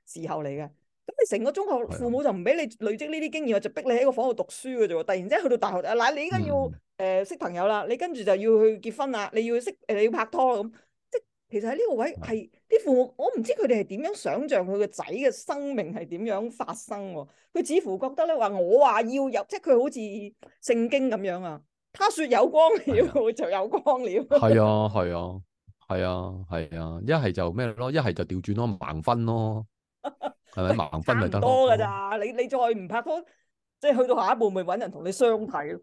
時候嚟嘅，咁、嗯、 你成個中學父母就唔俾你累積呢啲經驗， 就逼你喺個房度讀書嘅啫。喎，突然之間去到大學，嗱、啊，你依家要誒、呃、識朋友啦，你跟住就要去結婚啦，你要識誒你要拍拖咁，即係其實喺呢個位係啲、啊、父母，我唔知佢哋係點樣想象佢個仔嘅生命係點樣發生。佢似乎覺得咧話我話要入，即係佢好似聖經咁樣啊。他說有光了，就有光了。係啊，係啊。 係啊，係啊，一係就咩咯，一係就調轉咯，盲婚咯，係咪 不多 盲婚咪得多噶咋？你你再唔拍拖，即係去到下一步，咪搵人同你相睇咯。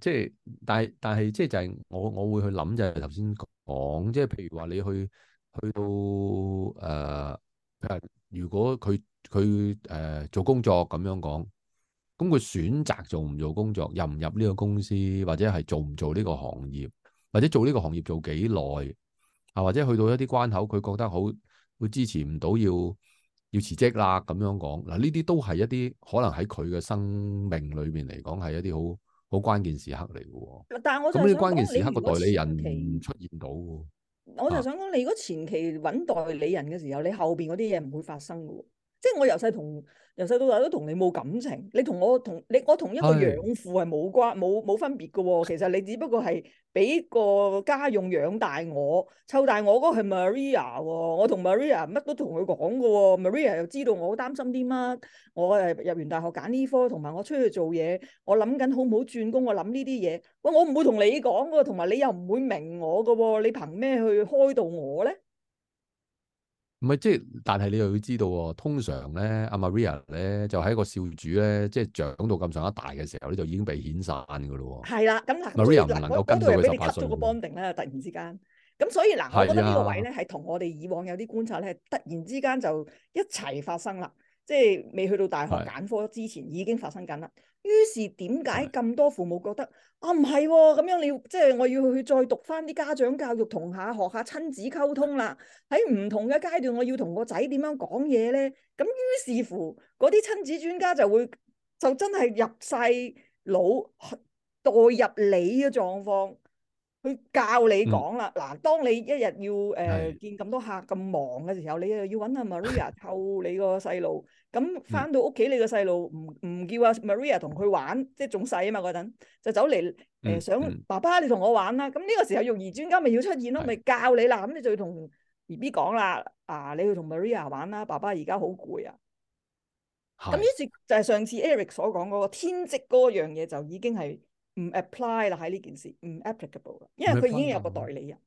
即係，但係但係，即係就係、是、我我會去諗，就係頭先講，即係譬如話你去去到誒、呃，譬如如果佢佢誒做工作咁樣講，咁佢選擇做唔做工作，入唔入呢個公司，或者係做唔做呢個行業？或者做呢個行業做幾耐啊？或者去到一啲關口，佢覺得好會支持唔到，要要辭職啦咁樣講嗱，呢啲都係一啲可能喺佢嘅生命裏面嚟講係一啲好好關鍵時刻嚟嘅。但係我咁呢關鍵時刻個代理人唔出現到嘅。我就想講，你如果前期揾代理人嘅時候，你後邊嗰啲嘢唔會發生嘅。即係我由細同由細到大都同你冇感情，你同我同你我同你我同一個養父係冇關冇冇分別嘅喎、哦。其實你只不過係俾個家用養大我，湊大我嗰個係 Maria 喎、哦。我同 Maria 乜都同佢講嘅喎，Maria 又知道我好擔心啲乜。我誒入完大學揀呢、e、科，同埋我出去做嘢，我諗緊好唔好轉工，我諗呢啲嘢。喂，我唔會同你講嘅，同埋你又唔會明我嘅喎、哦。你憑咩去開導我咧？唔係即係，但係你又要知道喎。通常咧，阿、啊、Maria 咧就喺個少主咧，即係長到咁上下大嘅時候咧，就已經被遣散噶咯。係啦、啊，咁嗱，嗱嗰嗰度又俾你吸咗個 bonding 咧、啊，突然之間，咁所以嗱，我覺得呢個位咧係同我哋以往有啲觀察咧，突然之間就一齊發生啦。即係未去到大學揀科之前已經發生緊啦。於是點解咁多父母覺得 啊唔係喎，咁樣你？你即係我要去再讀翻啲家長教育，同下學下，學下親子溝通啦。喺唔同嘅階段，我要同個仔點樣講嘢咧？咁於是乎嗰啲親子專家就會就真係入曬腦，代入你嘅狀況去教你講啦。嗱、嗯，當你一日要誒、呃、的見咁多客咁忙嘅時候，你又要揾阿 Maria 湊你個細路。咁翻到屋企，你個細路唔唔叫阿 Maria 同佢玩，即係仲細啊嘛嗰陣，就走嚟誒、呃、想、嗯嗯、爸爸你同我玩啦。咁呢個時候育兒專家咪要出現咯，咪的教你啦。咁你就要同 BB 講啦，啊你去同 Maria 玩啦。爸爸而家好攰啊。咁的於是就係上次 Eric 所講嗰個天職嗰樣嘢，就已經係唔 apply 啦喺呢件事，唔 applicable 啦，因為佢已經有個代理人。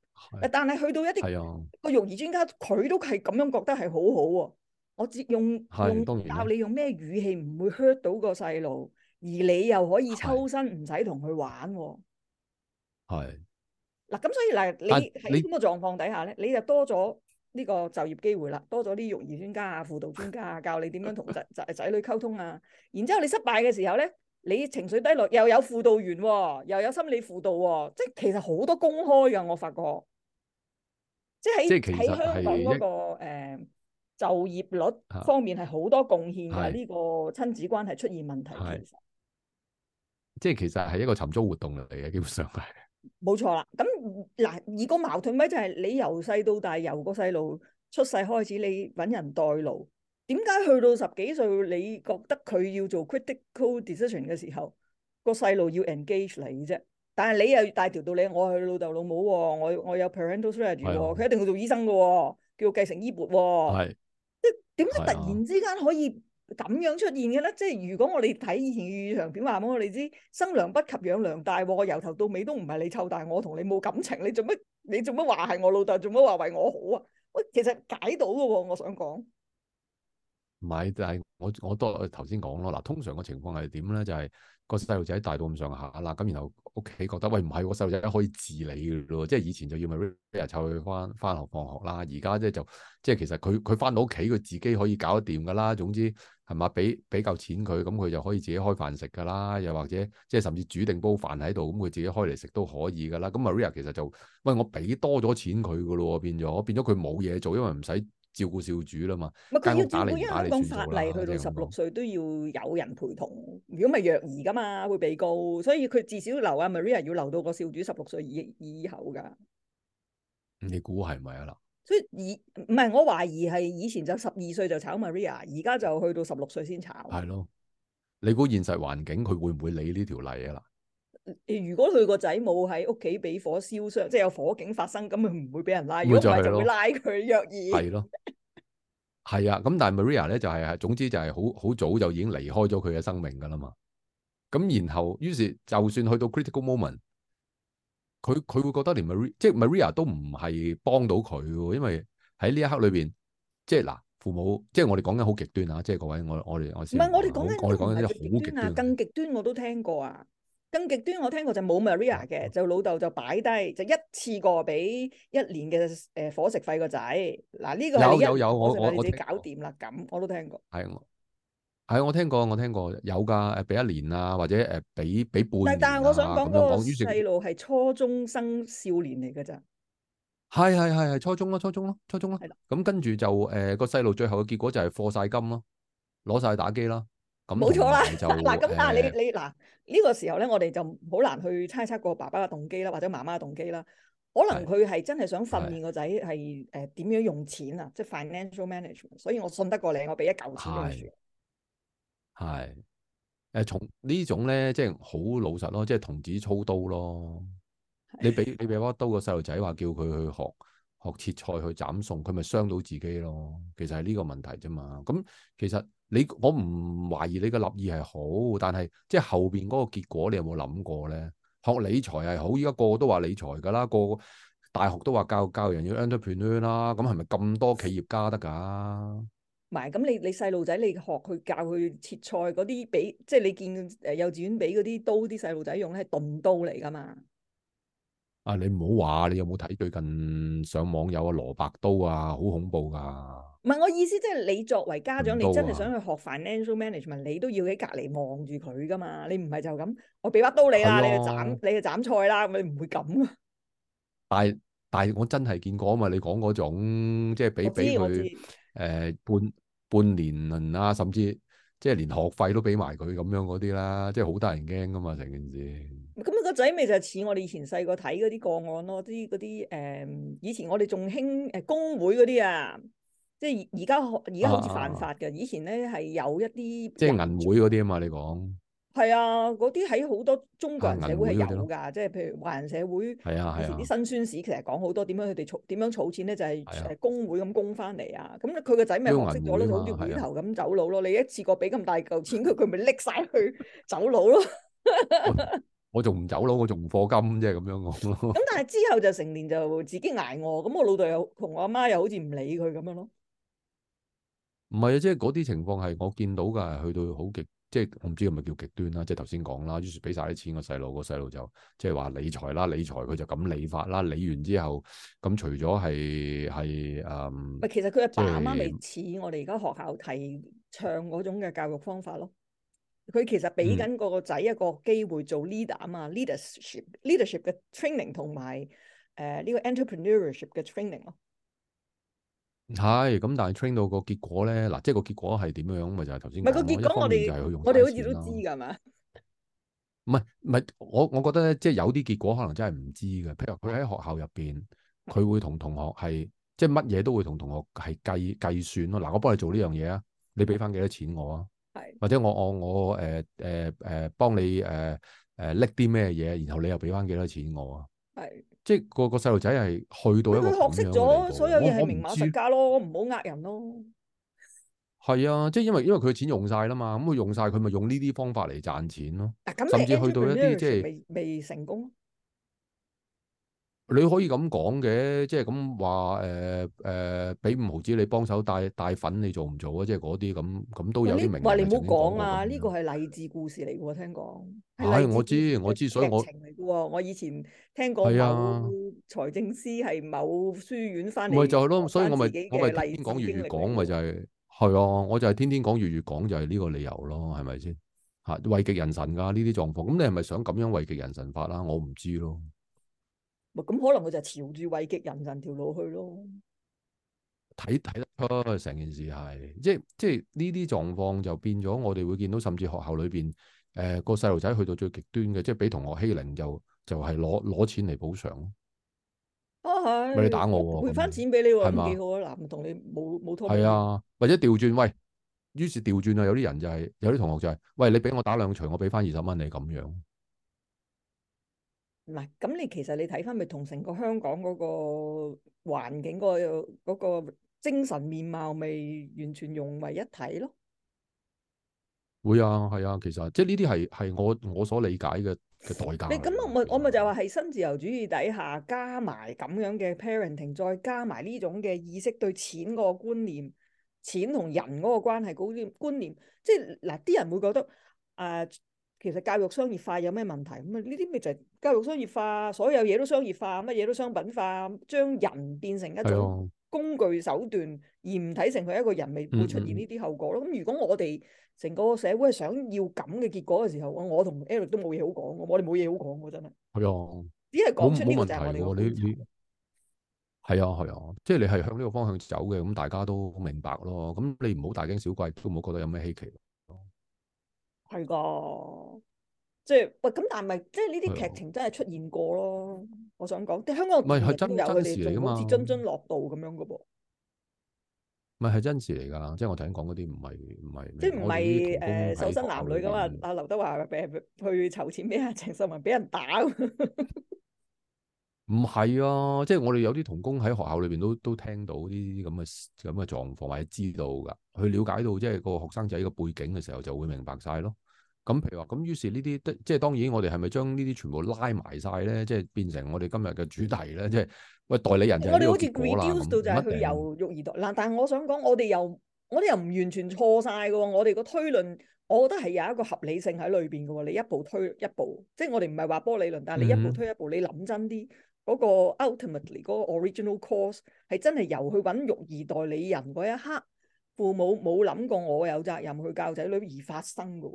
但係去到一啲的個育兒專家，佢都係咁樣覺得係好好、啊、喎。我只用用教你用咩語氣唔會 hurt 到個細路，而你又可以抽身唔使同佢玩，哦。係嗱，咁、啊、所以嗱，你喺咁嘅狀況底下咧、啊、你就多咗呢個就業機會啦，多咗啲育兒專家啊、輔導專家啊，教你點樣同仔仔仔女溝通啊。然之後你失敗嘅時候咧，你情緒低落，又有輔導員、哦，又有心理輔導、哦，即係其實好多公開噶，我發覺，即係喺喺香港嗰、嗰個誒。就業率方面係好多貢獻嘅呢是個親子關係出現問題其實。係，即係其實係一個尋租活動嚟嘅，基本上係。冇錯啦。咁嗱，而個矛盾咪就係、是、你由細到大，由個細路出世開始，你揾人代勞。點解去到十幾歲，你覺得佢要做 critical decision 嘅時候，個細路要 engage 你啫？但係你又大條道理：「我係老豆老母、哦、我我有 parental、哦、strategy 佢一定要做醫生嘅喎、哦，叫繼承衣缽喎。即點解突然之間可以咁樣出現嘅咧？啊、即係如果我哋睇以前嘅長片話，我哋知生娘不及養娘大，我由頭到尾都唔係你湊大，我同你冇感情，你做乜？你做乜話係我老豆？做乜話為我好啊？喂，其實解到嘅喎，我想講。唔係，但係我我都頭先講咯。嗱，通常個情況係點咧？就係個細路仔大到咁上下啦，咁然後。屋企覺得，喂，唔係，我細路仔可以自理噶咯，即係以前就要 Maria 湊佢翻翻學放學啦。而家即係就即係其實佢佢翻到屋企，佢自己可以搞得掂噶啦。總之係嘛，俾俾夠錢佢，咁佢就可以自己開飯食噶啦。又或者即係甚至煮定煲飯喺度，咁佢自己開嚟食都可以噶啦。咁 Maria 其實就喂，我俾多咗錢佢噶咯，變咗變咗佢冇嘢做，因為唔使。照顧少主啦嘛，唔係佢要照顧，因為香港法例去到十六歲都要有人陪同，如果咪虐兒噶嘛會被告，所以佢至少留阿 Maria 要留到個少主十六歲以以後噶。你估係咪啊啦？所以以唔係我懷疑係以前就十二歲就炒 Maria，而家就去到十六歲先炒。係咯，你估現實環境佢會唔會理呢條例啊啦？如果佢個仔冇喺屋企俾火燒傷，即係有火警發生，咁佢唔會俾人拉。如果唔係就會拉佢約爾。係咯，係啊， 咁但係 Maria 咧就係啊，總之就係好好早就已經離開咗佢嘅生命噶啦嘛。咁然後於是就算去到 critical moment，佢佢會覺得連 Maria 即係 Maria 都唔係幫到佢，因為喺呢一刻裏邊，即係嗱，父母即係我哋講緊好極端啊！即係各位，我我哋我唔係我哋講緊我哋講緊好極端啊，更極端我都聽過啊。更極端，我聽過就冇 Maria 嘅。有就老豆就擺低，就一次過俾一年嘅誒、呃、伙食費、個仔。嗱呢個有有，我就你哋搞掂啦。咁我都聽過。係我係我聽過，我聽過有噶，誒俾一年啊，或者誒俾俾半年。但係我想講嗰個細路係初中生少年嚟噶咋。係係係係初中咯，初中咯，初中咯。係啦。咁跟住就誒個細路最後嘅結果就係課晒金咯，攞晒去打機啦。冇錯啦，嗱咁，但你你嗱呢個時候咧，我哋就好難去猜測個爸爸嘅動機啦，或者媽媽嘅動機啦。可能佢係真係想訓練個仔係誒點樣用錢啊，即係 financial management。所以我信得過你，我俾一嚿錢你。係。係。誒，從呢種咧，即係好老實咯，即係童子操刀咯。你俾你俾把刀個細路仔，話叫佢去學學切菜去斬餸，佢咪傷到自己咯。其實係呢個問題啫嘛。咁其實。你我唔懷疑你嘅立意係好，但係即係後邊嗰個結果，你有冇諗過咧？學理財係好，依家個個都話理財㗎啦，個個大學都話教教人要 entrepreneur 啦，咁係咪咁多企業家得㗎？唔係、嗯，咁你你細路仔你學佢教佢切菜嗰啲俾，即係你見誒幼稚園俾嗰啲刀啲細路仔用咧，係鈍刀嚟㗎嘛？啊！你唔好話，你有冇睇最近上網有啊蘿蔔刀啊，好恐怖噶！唔係我意思，即係你作為家長，啊、你真係想去學 financial management，你都要喺隔籬望住佢噶嘛？你唔係就咁，我俾把刀你啦，啊，你去斬，你去斬菜啦，咁你唔會咁啊！但係但係我真係見過啊嘛！你講嗰種即係俾俾佢誒半半年輪啊，甚至。即係連學費都俾埋佢咁樣嗰啲啦，即係好得人驚噶嘛，成件事。咁你、嗯那個仔咪就似我哋以前細個睇嗰啲個案咯，啲嗰啲誒，以前我哋仲興誒供會嗰啲啊，即係而家而家好似犯法㗎，以前咧係有一啲即係銀會嗰啲啊嘛，你講。係啊，嗰啲喺好多中國人社會係有噶，即係譬如華人社會，以前啲辛酸史其實講好多，點樣佢哋儲點樣儲錢咧？就係、是、工會咁供翻嚟啊！咁佢個仔咪識咗咧，就好似轉頭咁走佬咯。啊、你一次過俾咁大嚿錢佢，佢咪拎晒去走佬咯？ 我仲唔走佬，我仲唔課金即啫咁樣咯。咁但係之後就成年就自己挨餓，咁我老豆又同我阿媽又好似唔理佢咁樣咯。唔係啊，即係嗰啲情況係我見到㗎，去到好極。即係我唔知係咪叫極端啦，即係頭先講啦，於是俾晒啲錢個細路，個細路就即係話理財啦，理財佢就咁理法啦，理完之後咁除咗係係誒，唔、嗯、其實佢阿爸阿媽未似我哋而家學校提倡嗰種嘅教育方法咯，佢其實俾緊個仔一個機會做 leader 啊嘛，leadership，leadership、嗯、嘅 training 同埋誒呢個 entrepreneurship 嘅 training 咯。係咁，但係 train 到個結果咧，嗱、啊，即係個結果係點樣樣，咪就係頭先。唔係、嗰個結果，我哋我哋好似都知噶，係嘛？唔係唔係，我我覺得咧，即係有啲結果可能真係唔知嘅。譬如佢喺學校入邊，佢 會同同學係，即係乜嘢都會同同學係計計算咯。嗱、啊，我幫你做呢樣嘢啊，你俾翻幾多錢我啊？係。或者我我我誒誒誒幫你誒誒拎啲咩嘢，然後你又俾翻幾多錢我啊？係。 即係、那個個細路仔係去到一個，一學識咗，我所有嘢係明碼實價咯，唔好呃人咯。係啊，即係因為因為佢嘅錢用晒啦嘛，咁佢用晒，佢咪用呢啲方法嚟賺錢咯。啊、甚至去到一啲即係未成功。你可以咁講嘅，即係咁話誒誒，俾、呃、五、呃、毫子你幫手帶帶粉，你做唔做啊？即係嗰啲咁咁都有啲名利。你唔好講啊！呢個係勵志故事嚟喎，聽講。係我知，我知，我知。所以我所以我，我以前聽講啊，財政司係某書院翻嚟。咪、啊、就係、是、咯，所以我咪我咪就天天講粵語講，咪就係、是、係啊！我就係天天講粵語講，就係呢個理由咯，係咪先？嚇，慰極人神㗎呢啲狀況。咁你係咪想咁樣慰極人神法啦？我唔知咯。咪咁可能佢就朝住慰藉人人條路去咯，睇睇得出成件事係，即係即係呢啲狀況就變咗，我哋會見到甚至學校裏邊，誒、呃、個細路仔去到最極端嘅，即係俾同學欺凌，就就係攞攞錢嚟補償。啊你打我，賠翻錢俾你，咁樣嗎幾好啊，唔同你冇冇拖係啊，或者調轉喂，於是調轉啊，有啲人就係、是，有啲同學就係、是，喂你俾我打兩錘，我俾翻二十蚊你，咁樣。嗱，咁你其實你睇翻咪同成個香港嗰個環境個嗰個精神面貌咪完全融為一體咯？會啊，係啊，其實即係呢啲係係我我所理解嘅嘅代價。你咁我咪我咪就話係新自由主義底下加埋咁樣嘅 parenting，再加埋呢種嘅意識對錢個觀念、錢同人嗰個關係啲觀念，觀念即係嗱，啲人會覺得誒。其實教育商業化有咩問題？咁啊，呢啲咪就係教育商業化，所有嘢都商業化，乜嘢都商品化，將人變成一種工具手段，而唔睇成佢一個人，咪會出現呢啲後果咯。咁如果我哋成個社會係想要咁嘅結果嘅時候，我我同 Eric 都冇嘢好講嘅，我哋冇嘢好講嘅，真係。係啊。只係講出呢個就係我哋。係啊係啊，即係你係向呢個方向走嘅，咁大家都明白咯。咁你唔好大驚小怪，都唔好覺得有咩稀奇。係噶，即係喂咁，但係咪即係呢啲劇情真係出現過咯？的我想講，即香港唔係係真有其事嚟啊嘛，自津津樂道咁樣噶噃，咪係真事嚟噶，即係我頭先講嗰啲唔係唔係，即係唔係誒，瘦身男女噶嘛？阿劉德華俾人去籌錢俾阿鄭秀文俾人打。 唔係啊，即係我哋有啲童工喺學校裏邊都都聽到呢啲咁嘅咁嘅狀況或者知道㗎，去了解到即係個學生仔嘅背景嘅時候就會明白晒咯。咁譬如話，咁於是呢啲即係當然，我哋係咪將呢啲全部拉埋晒咧？即係變成我哋今日嘅主題咧？即係喂代理人就我就我我，我哋好似 reduce 到就係佢由育兒度嗱，但係我想講，我哋又我哋又唔完全錯晒嘅喎，我哋個推論，我覺得係有一個合理性喺裏邊嘅喎。你一步推一步，即係我哋唔係話波理論，但係你一步推一步，你諗真啲。嗯嗰個 ultimately 個 original course 係真係由佢去揾育兒代理人嗰一刻，父母冇諗過我有責任去教仔女而發生噶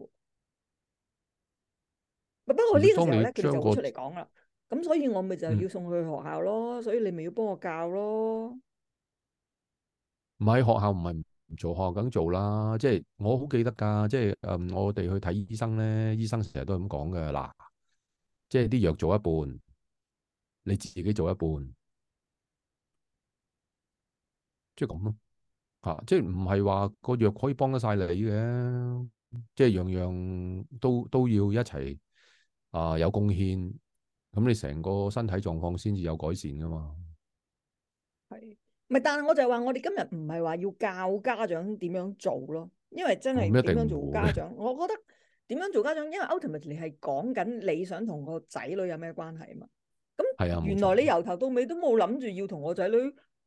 不過呢個時候咧，佢就出嚟講啦。咁所以我咪就要送佢去學校咯。嗯、所以你咪要幫我教咯。唔係學校唔係唔做，學校梗做啦。即係我好記得噶即係誒、嗯，我哋去睇醫生咧，醫生成日都係咁講嘅嗱，即係啲藥做一半。你自己做一半，即係咁咯，吓、啊，即係唔係話個藥可以幫得晒你嘅，即係樣樣都都要一齊啊有貢獻，咁你成個身體狀況先至有改善噶嘛。係，唔係？但係我就係話，我哋今日唔係話要教家長點樣做咯，因為真係點樣做家長，我覺得點樣做家長，因為 ultimately 係講緊你想同個仔女有咩關係啊嘛。係啊，原來你由頭到尾都冇諗住要同我仔女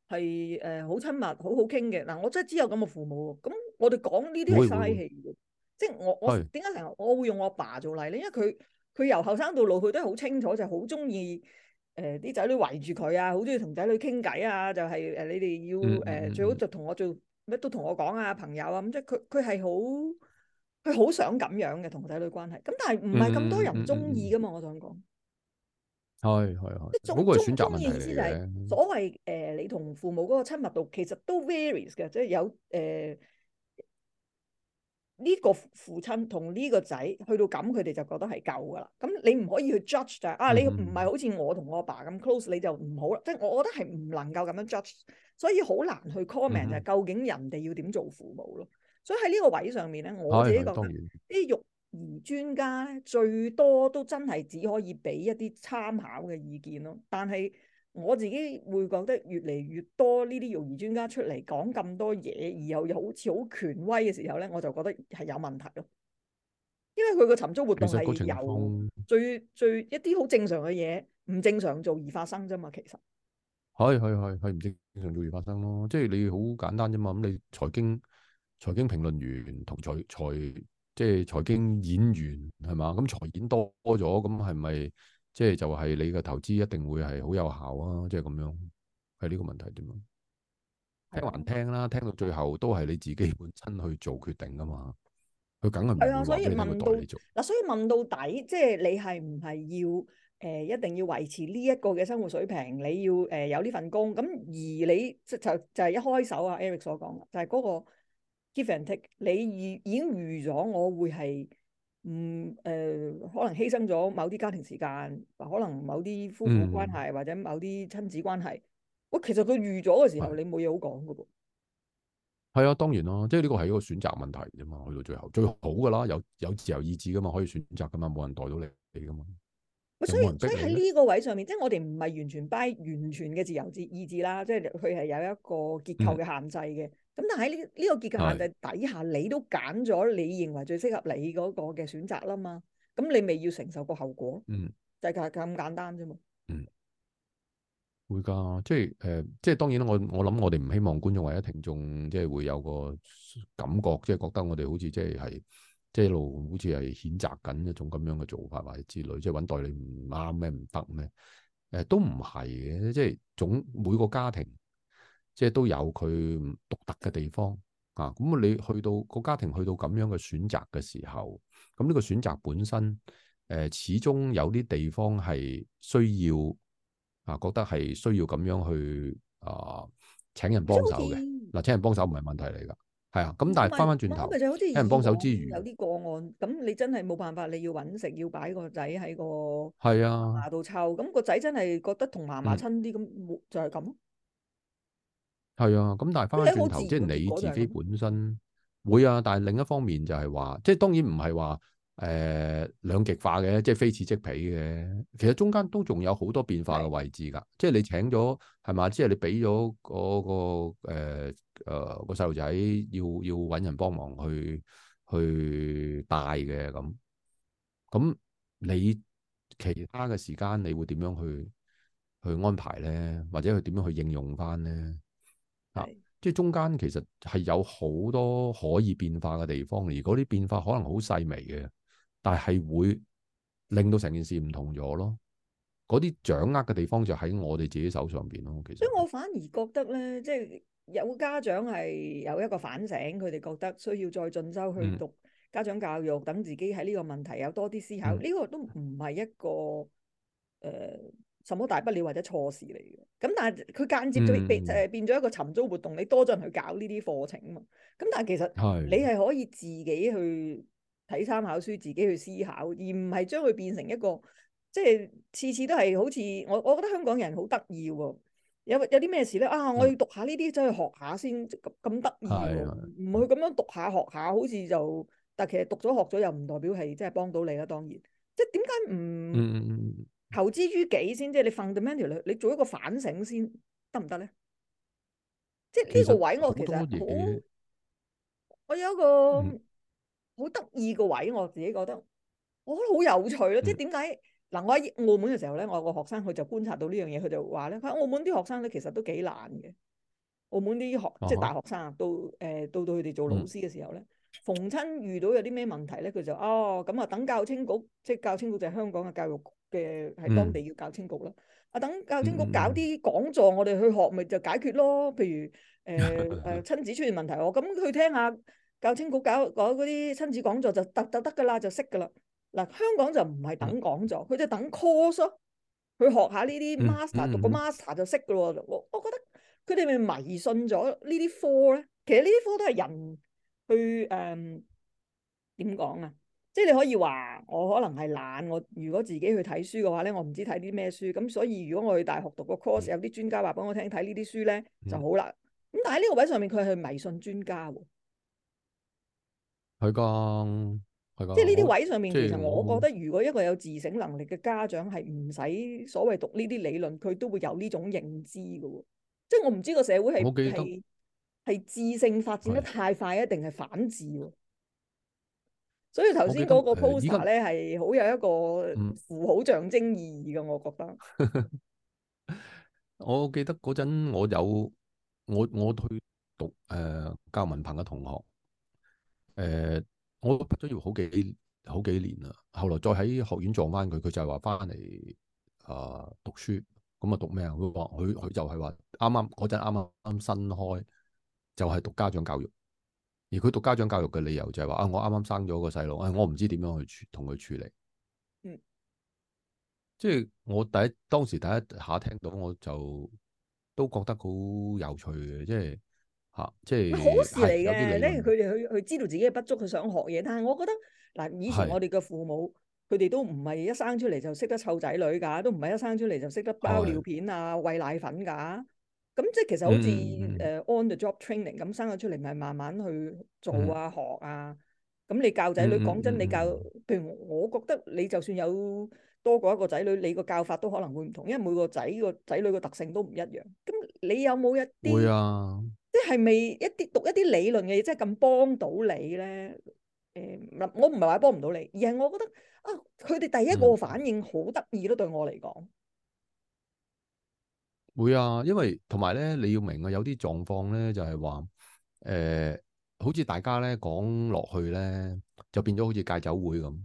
係誒好親密、好好傾嘅。嗱、呃，我真係只有咁嘅父母。咁我哋講呢啲係嘥氣嘅。會會會即係我我點解成日我會用我爸做例咧？因為佢佢由後生到老，佢都係好清楚，就係好中意誒啲仔女圍住佢啊，好中意同仔女傾偈啊。就係、是、誒你哋要誒、嗯呃、最好就同我做咩？都同我講啊，朋友啊咁即係佢佢係好佢好想咁樣嘅同仔女關係。咁但係唔係咁多人中意噶嘛？我想講。嗯係係係，即係選擇， 意思就係 所謂誒、呃，你同父母嗰個親密度，其實都 varies 嘅，即係有誒呢、呃這個父親同呢個仔去到咁，佢哋就覺得係夠噶啦。咁你唔可以去 judge 就係啊，你唔係好似我同我阿爸咁 close，嗯、你就唔好啦。即係、嗯、我覺得係唔能夠咁樣 judge，所以好難去 comment、嗯、就係究竟人哋要點做父母咯。所以喺呢個位上面咧，我自己覺得啲肉。嗯而專家咧最多都真係只可以俾一啲參考嘅意見咯。但係我自己會覺得越嚟越多呢啲育兒專家出嚟講咁多嘢，然後又好似好權威嘅時候咧，我就覺得係有問題咯。因為佢個尋租活動係有最其實個最，最一啲好正常嘅嘢，唔正常做而發生啫嘛。其實係係係係唔正常做而發生咯。即係你好簡單啫嘛。咁你財經財經評論員同財財。財即係財經演員係嘛，咁財演多咗，咁係咪即係就係你嘅投資一定會係好有效啊？即係咁樣，係呢個問題點樣？的聽還聽啦，聽到最後都係你自己本身去做決定噶嘛，佢梗係唔係啊。所以問到嗱，你做所以問到底，即係你係唔係要誒，一定要維持呢一個嘅生活水平？你要誒有呢份工咁，而你就就就係一開首啊，Eric 所講就係嗰個。t 你預已經預咗我會係唔，誒，可能犧牲咗某啲家庭時間，可能某啲夫婦關係或者某啲親子關係。我其實佢預咗嘅時候，的你冇嘢好講嘅噃。係啊，當然啦，即係呢個係一個選擇問題啫嘛。去到最後，最好噶啦，有有自由意志噶嘛，可以選擇噶嘛，冇人代到你有有你噶嘛。所以所以喺呢個位上面，即係我哋唔係完全 buy 完全嘅自由意志啦，即係佢係有一個結構嘅限制嘅。嗯咁但喺呢呢個結構限制底下，的你都揀咗你認為最適合你嗰個嘅選擇啦嘛。咁你未要承受個後果，嗯、就係咁簡單啫嘛。嗯，會㗎，即係誒、呃，即係當然啦。我我諗我哋唔希望觀眾或者聽眾即係會有個感覺，即係覺得我哋好似即係即係一路好似係譴責緊一種咁樣嘅做法或者之類，即係揾代理唔啱咩唔得咩？誒、呃、都唔係嘅，即係總每個家庭。即係都有佢獨特嘅地方啊！咁你去到個家庭去到咁樣嘅選擇嘅時候，咁、啊、呢、這個選擇本身誒、呃，始終有啲地方係需要啊，覺得係需要咁樣去啊請人幫手嘅嗱，請人幫手唔係問題嚟㗎，係啊，咁但係翻翻轉頭請人幫手之餘，有啲個案咁，你真係冇辦法，你要揾食，要擺個仔喺個係啊牙度湊。咁個仔真係覺得同嫲嫲親啲，咁就係咁。嗯嗯嗯。係啊，咁但係返返轉頭，即係你自己本身會啊，但係另一方面就係話，即係當然唔係話誒兩極化嘅，即係非此即彼嘅。其實中間都仲有好多變化嘅位置㗎的。即係你請咗係嘛？即係你俾咗嗰個誒誒個細路仔要要搵人幫忙去去帶嘅咁。咁你其他嘅時間，你會點樣去去安排咧？或者去點樣去應用返咧？啊，是即係中間其實係有好多可以變化嘅地方，而嗰啲變化可能好細微嘅，但係會令到成件事唔同咗咯。嗰啲掌握嘅地方就喺我哋自己手上邊咯。其實，所以我反而覺得咧，即係有家長係有一個反省，佢哋覺得需要再進修去讀家長教育，等、嗯、自己喺呢個問題有多啲思考。呢、嗯、個都唔係一個誒。呃什麼大不了或者錯事嚟嘅？咁但係佢間接就變誒變咗一個尋租活動，你、嗯、多咗人去搞呢啲課程啊嘛。咁但係其實你係可以自己去睇參考書，自己去思考，而唔係將佢變成一個即係次次都係好似我我覺得香港人好得意喎。有有啲咩事咧？啊，我要讀下呢啲真去學下先，咁咁得意喎。唔去咁樣讀下學下，好似就但其實讀咗學咗又唔代表係即係幫到你啦。當然，即係點解唔？嗯投資於己先，即係你 fundamental 你做一個反省先得唔得咧？即係呢實個位我其實好、嗯，我有一個好得意個位，我自己覺得我覺得好有趣咯。即係點解嗱？我喺澳門嘅時候咧，我有個學生佢就觀察到呢樣嘢，佢就話咧，澳門啲學生咧其實都幾難嘅。澳門啲學、嗯、即係大學生，到誒、呃、到到佢哋做老師嘅時候咧，逢親、嗯、遇到有啲咩問題咧，佢就哦咁啊，等教青局，即係教青局就係香港嘅教育局。嘅喺當地要教青局啦，啊等教青局搞啲講座，我哋去學咪就解決咯。譬如誒誒、呃、親子出現問題，我咁去聽下教青局搞嗰啲親子講座就得就得㗎啦，就識㗎啦。嗱，香港就唔係等講座，佢就等 course、啊、去學下呢啲 master，、嗯嗯、讀個 master 就識㗎咯。我我覺得佢哋咪迷信咗呢啲科咧，其實呢啲科都係人去誒點講啊？呃即係你可以話我可能係懶，我如果自己去睇書嘅話咧，我唔知睇啲咩書。咁所以如果我去大學讀個 course，、嗯、有啲專家話俾我聽睇呢啲書咧就好啦。咁但係呢個位上面佢係迷信專家喎。佢講，佢講，即係呢啲位上面，就是、其實我覺得如果一個有自省能力嘅家長係唔使所謂讀呢啲理論，佢都會有呢種認知嘅喎。即係我唔知個社會係係智性發展得太快，定係反智喎？所以頭先嗰個 poster 咧係好有一個符號象徵意義嘅，我覺得、嗯。 我記得嗰陣我有我我去讀誒、呃、教文憑嘅同學，誒、呃、我畢咗業好幾好幾年啦。後來再喺學院撞翻佢，佢就係話翻嚟啊讀書，咁啊讀咩啊？佢話佢佢就係話啱啱嗰陣啱啱新開，就係、是、讀家長教育。而佢讀家長教育嘅理由就係話啊，我啱啱生咗個細路，誒、哎，我唔知點樣去處同佢處理。嗯，即係我第一，當時第一下聽到我就都覺得好有趣嘅，即係吓、啊，即係、嗯、好事嚟嘅。有啲例如佢哋去去知道自己嘅不足，佢想學嘢。但係我覺得嗱，以前我哋嘅父母，佢哋是都唔係一生出嚟就識得湊仔女噶，的都唔係一生出嚟就識得包尿片啊、餵奶粉噶。咁即係其實好似誒 on the job training 咁生咗出嚟，咪慢慢去做啊、嗯、學啊，咁你教仔女講、嗯、真，你教，嗯、譬如我覺得你就算有多過一個仔女，你個教法都可能會唔同，因為每個仔個仔女個特性都唔一樣。咁你有冇一啲、啊呃？會啊！即係咪一啲讀一啲理論嘅嘢，即係咁幫到你咧？誒，嗱，我唔係話幫唔到你，而係我覺得啊，佢哋第一個反應好得意咯，嗯、對我嚟講。會啊，因為同埋咧，你要明啊，有啲狀況咧就係話，誒，好似大家咧講落去咧，就變咗好似戒酒會咁，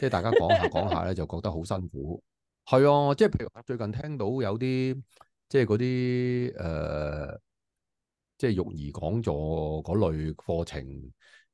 即係大家講下講 下咧，就覺得好辛苦。係啊，即係譬如我最近聽到有啲，即係嗰啲誒，即係育兒講座嗰類課程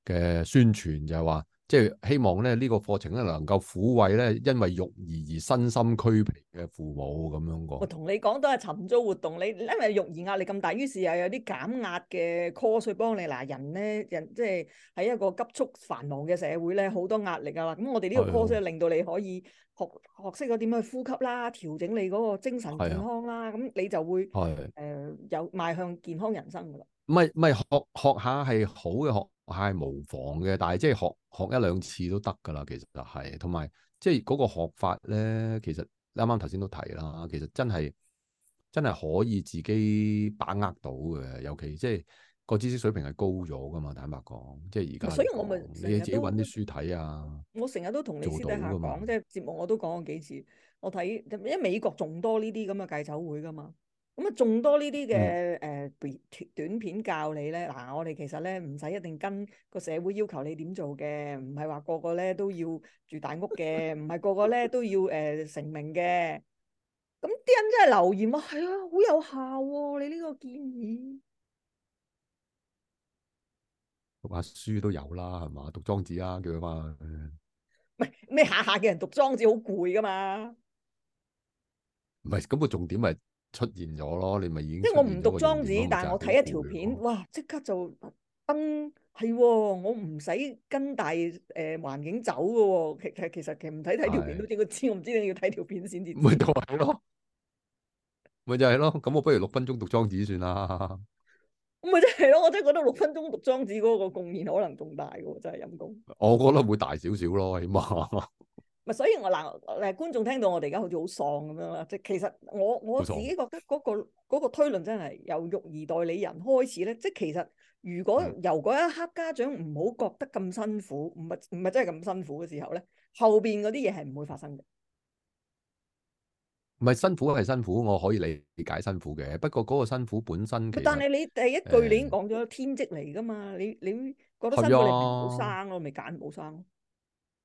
嘅宣傳就係話。即係希望咧，這個、課呢個課程咧能夠撫慰咧，因為育兒而，而身心俱疲嘅父母咁樣個。我同你講都係尋租活動，你因為育兒壓力咁大，於是又有啲減壓嘅科 o u 幫你。嗱，人咧人即係喺一個急速繁忙嘅社會咧，好多壓力啊啦。咁我哋呢個科 o 令到你可以學學識咗點樣去呼吸啦，調整你嗰個精神健康啦，咁的你就會誒的、呃、有邁向健康人生噶啦。唔係唔係學學下係好嘅，學下係無妨嘅，但係即係學。學一兩次都得㗎啦，其實係、就係，同埋即係嗰個學法咧，其實啱啱頭先都提啦，其實真係真係可以自己把握到嘅，尤其即係個知識水平係高咗㗎嘛。坦白講，即係而家，所以我咪自己揾啲書睇啊。我成日都同你私底下講，即係節目我都講過幾次。我睇因為美國仲多呢啲咁嘅戒酒會㗎嘛。咁啊，仲多呢啲嘅誒短短片教你咧，嗱，我哋其實咧唔使一定跟個社會要求你點做嘅，唔係話個個咧都要住大屋嘅，唔係個個咧都要誒成名嘅。咁啲人真係留言話係啊，好有效喎！你呢個建議讀下書都有啦，係嘛？讀莊子啊，叫佢翻。唔係，咩下下嘅人讀莊子好攰噶嘛？唔係，咁個重點係。出現咗咯，你咪已經即係我唔讀莊子，但係我睇一條片，哇！即刻就登係、哦，我唔使跟大誒環、呃、境走噶、哦。其實其實其實唔睇睇條片都知，佢唉知，知就是就是？我唔知你要睇條片先至咪睇咯，咪就係咯。咁我不如六分鐘讀莊子算啦。咪即係咯，我真係覺得六分鐘讀莊子嗰個貢獻可能仲大噶，真係陰功。我覺得會大少少咯，起碼。 所以，我嗱誒，觀眾聽到我哋而家好似好喪咁樣啦。即係其實我我自己覺得嗰個嗰個推論真係由育兒代理人開始咧。即係其實如果由嗰一刻家長唔好覺得咁辛苦，唔係唔係真係咁辛苦嘅時候咧，後邊嗰啲嘢係唔會發生嘅。唔係辛苦係辛苦，我可以理解辛苦嘅。不過嗰個辛苦本身，但係你第一句你已經講咗、嗯、天職嚟㗎嘛？你你覺得辛苦你唔好生咯，咪揀唔好生。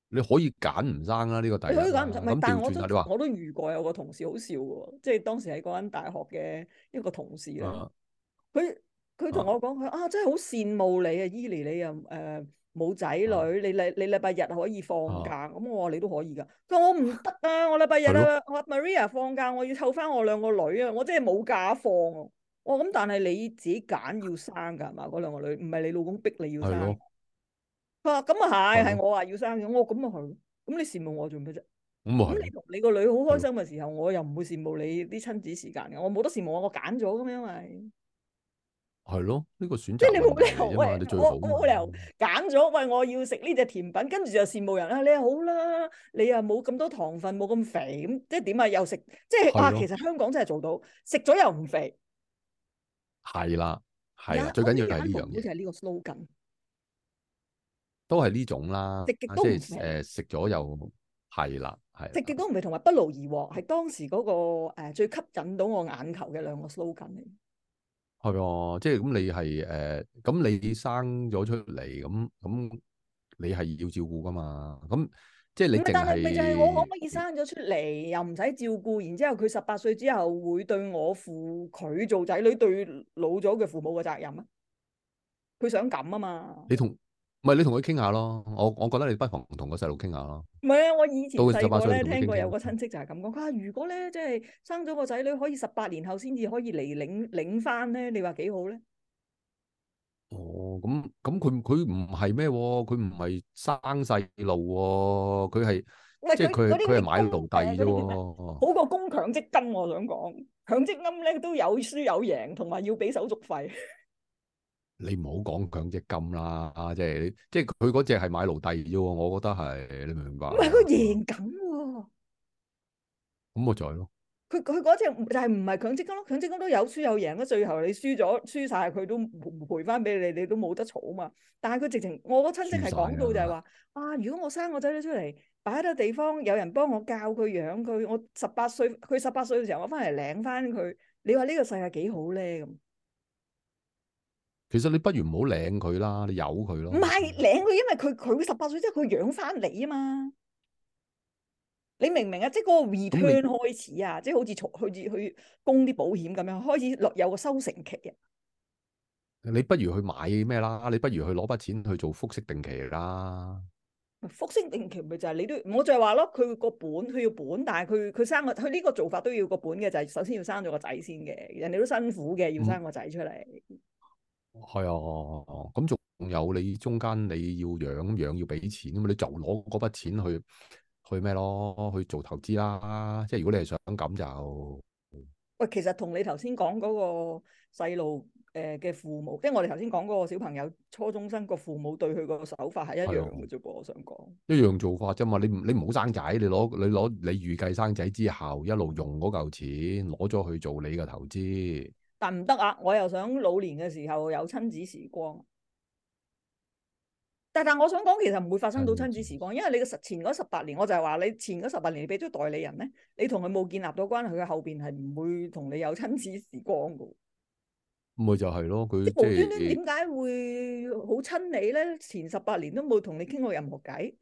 你可以揀唔生啦，呢個底。你可以揀唔生，唔係，但係我都我都遇過有個同事好笑嘅，即係當時喺嗰間大學嘅一個同事啦。佢佢同我講佢啊，真係好羨慕你啊，伊麗你又誒冇仔女，你禮你禮拜日可以放假，咁我話你都可以噶。佢話我唔得啊，我禮拜日啊，我 Maria 放假，我要湊翻我兩個女啊，我真係冇假放。我咁，但係你自己揀要生噶係嘛？嗰兩個女唔係你老公逼你要生。咁啊係，係我話要生嘅。我咁啊佢，咁你羨慕我做咩啫？咁你同你個女好開心嘅時候，我又唔會羨慕你啲親子時間嘅。我冇得羨慕啊，我揀咗咁樣，因為係咯，呢個選擇係你啊嘛。你冇理由揀咗，喂，我要食呢隻甜品，跟住就羨慕人啊！你好啦，你又冇咁多糖分，冇咁肥咁，即係點啊？又食即係啊！其實香港真係做到食咗又唔肥。係啦，係啦，最緊要就係呢樣嘢，好似係呢個 slogan。都係呢種啦，即係誒食咗又係啦，係。食極都唔肥同埋不勞而獲，係當時嗰個誒最吸引到我眼球嘅兩個 slogan 嚟。係，即係咁你係誒，咁、嗯嗯嗯、你生咗出嚟，咁、嗯、咁、嗯嗯嗯、你係要照顧噶嘛？咁、嗯、即係你但係咪就係我可唔可以生咗出嚟，又唔使照顧？然之後佢十八歲之後會對我負佢做仔女對老咗嘅父母嘅責任啊？佢想咁啊嘛？你同？唔係你同佢傾下咯，我我覺得你不妨同個細路傾下咯。唔係啊，我以前細個聽過有個親戚就係咁講，佢話如果咧即係生咗個仔女，可以十八年後先至可以嚟領領翻咧，你話幾好咧？哦，咁咁佢佢唔係咩喎？佢唔係生細路喎，佢係，即係佢佢係買奴隸啫喎，好過供強積金。我想講強積金咧都有輸有贏，同埋要俾手續費。你唔好講強積金啦，啊、即係即係佢嗰隻係買奴隸啫，啊，我覺得係你明唔明白。唔係佢贏緊喎，咁咪就係咯。佢佢嗰隻就係唔係強積金咯，強積金都有輸有贏，咁最後你輸咗輸晒，佢都賠翻俾你，你都冇得儲啊嘛。但係佢直情我個親戚係講到就係話，了啊，如果我生個仔女出嚟，擺喺個地方，有人幫我教佢養佢，我十八歲，佢十八歲嘅時候，我翻嚟領翻佢。你話呢個世界幾好咧咁？其實你不如唔好領佢啦，你由佢咯。唔係領佢，因為佢佢十八歲，即係佢養翻你啊嘛。你明唔明啊？即係嗰個 return 開始啊，你即係好似去去，去供啲保險咁樣，開始落有個收成期啊。你不如去買咩啦？你不如去攞筆錢去做複式定期啦。複式定期咪就係你都，唔好再話咯，佢個本，佢要本，但係佢佢生個，佢呢個做法都要個本嘅，就係、是、首先要生咗個仔先嘅。人哋都辛苦嘅，要生個仔出嚟。嗯係啊，咁、嗯、仲有你中間你要養，養要俾錢啊嘛，你就攞嗰筆錢去去咩咯？去做投資啦。即係如果你係想咁就，喂，其實同你頭先講嗰個細路誒嘅父母，即係我哋頭先講嗰個小朋友初中生個父母對佢個手法係一樣嘅啫噃，啊、我想講一樣做法啫嘛。你唔你唔好生仔，你攞你攞你預計生仔之後一路用嗰嚿錢，攞咗去做你嘅投資。但唔得啊！我又想老年嘅時候有親子時光。但但我想講，其實唔會發生到親子時光，的因為你嘅實前嗰十八年，我就係話你前嗰十八年，你俾咗代理人咧，你同佢冇建立到關係，佢嘅後邊係唔會同你有親子時光噶。唔咪就係咯，佢無端端點解是會好親你咧？前十八年都冇同你傾過任何偈，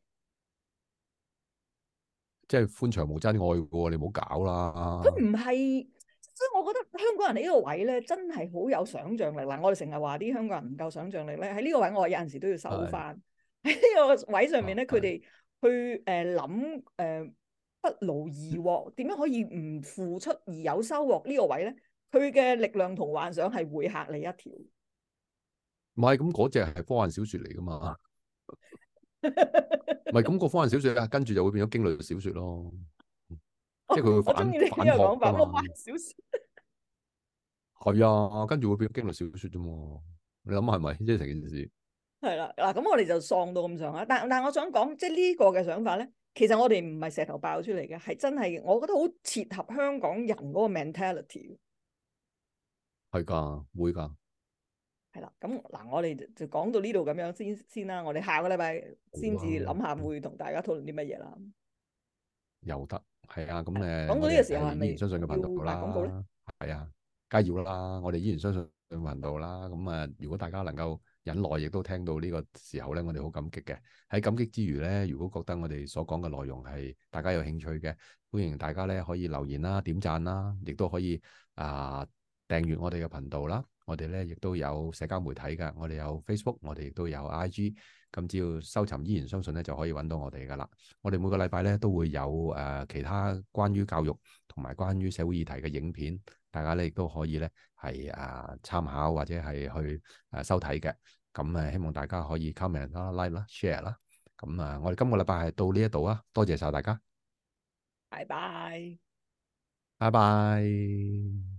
即係寬長無真愛噶，你唔好搞啦。佢唔係。所以我覺得香港人喺呢個位咧，真係好有想象力。嗱，我哋成日話啲香港人唔夠想象力咧，喺呢個位我有陣時都要收翻。喺呢個位上面咧，佢哋去誒諗誒不勞而獲，點樣可以唔付出而有收穫？呢個位咧，佢嘅力量同幻想係會嚇你一跳。唔係，咁嗰隻係科幻小說嚟噶嘛？唔係，咁個科幻小說啊，跟住就會變咗驚慄嘅小說咯。即係佢會反反學嘛？我鍾意你呢個講法，小說係啊，跟住會變個驚栗小說啫嘛？你諗係咪即係成件事？係啦，嗱咁我哋就喪到咁上下。但但我想講，即係呢個嘅想法咧，其實我哋唔係石頭爆出嚟嘅，係真係我覺得好切合香港人嗰個 mentality。係噶，會噶。係啦，咁嗱，我哋就講到呢度咁樣先先啦。我哋下個禮拜先至諗下會同大家討論啲乜嘢啦。有得。係啊，咁誒，講到呢個時候啊，依然相信嘅頻道啦，係啊，梗係要啦，我哋依然相信頻道啦。咁啊，如果大家能夠忍耐，亦都聽到呢個時候咧，我哋好感激嘅。喺感激之餘咧，如果覺得我哋所講嘅內容係大家有興趣嘅，歡迎大家咧可以留言啦、點讚啦，亦都可以啊訂閱我哋嘅頻道啦。我哋咧亦都有社交媒體噶，我哋有 Facebook，我哋亦都有 IG。咁只要搜尋，伊研相信咧就可以揾到我哋噶啦。我哋每個禮拜咧都會有誒、呃、其他關於教育同埋關於社會議題嘅影片，大家咧亦都可以咧係誒參考或者係去誒、呃、收睇嘅。咁誒希望大家可以 comment 啦、like 啦、share 啦。咁啊，我哋今個禮拜係到呢一度啊，多謝晒大家，拜拜，拜拜。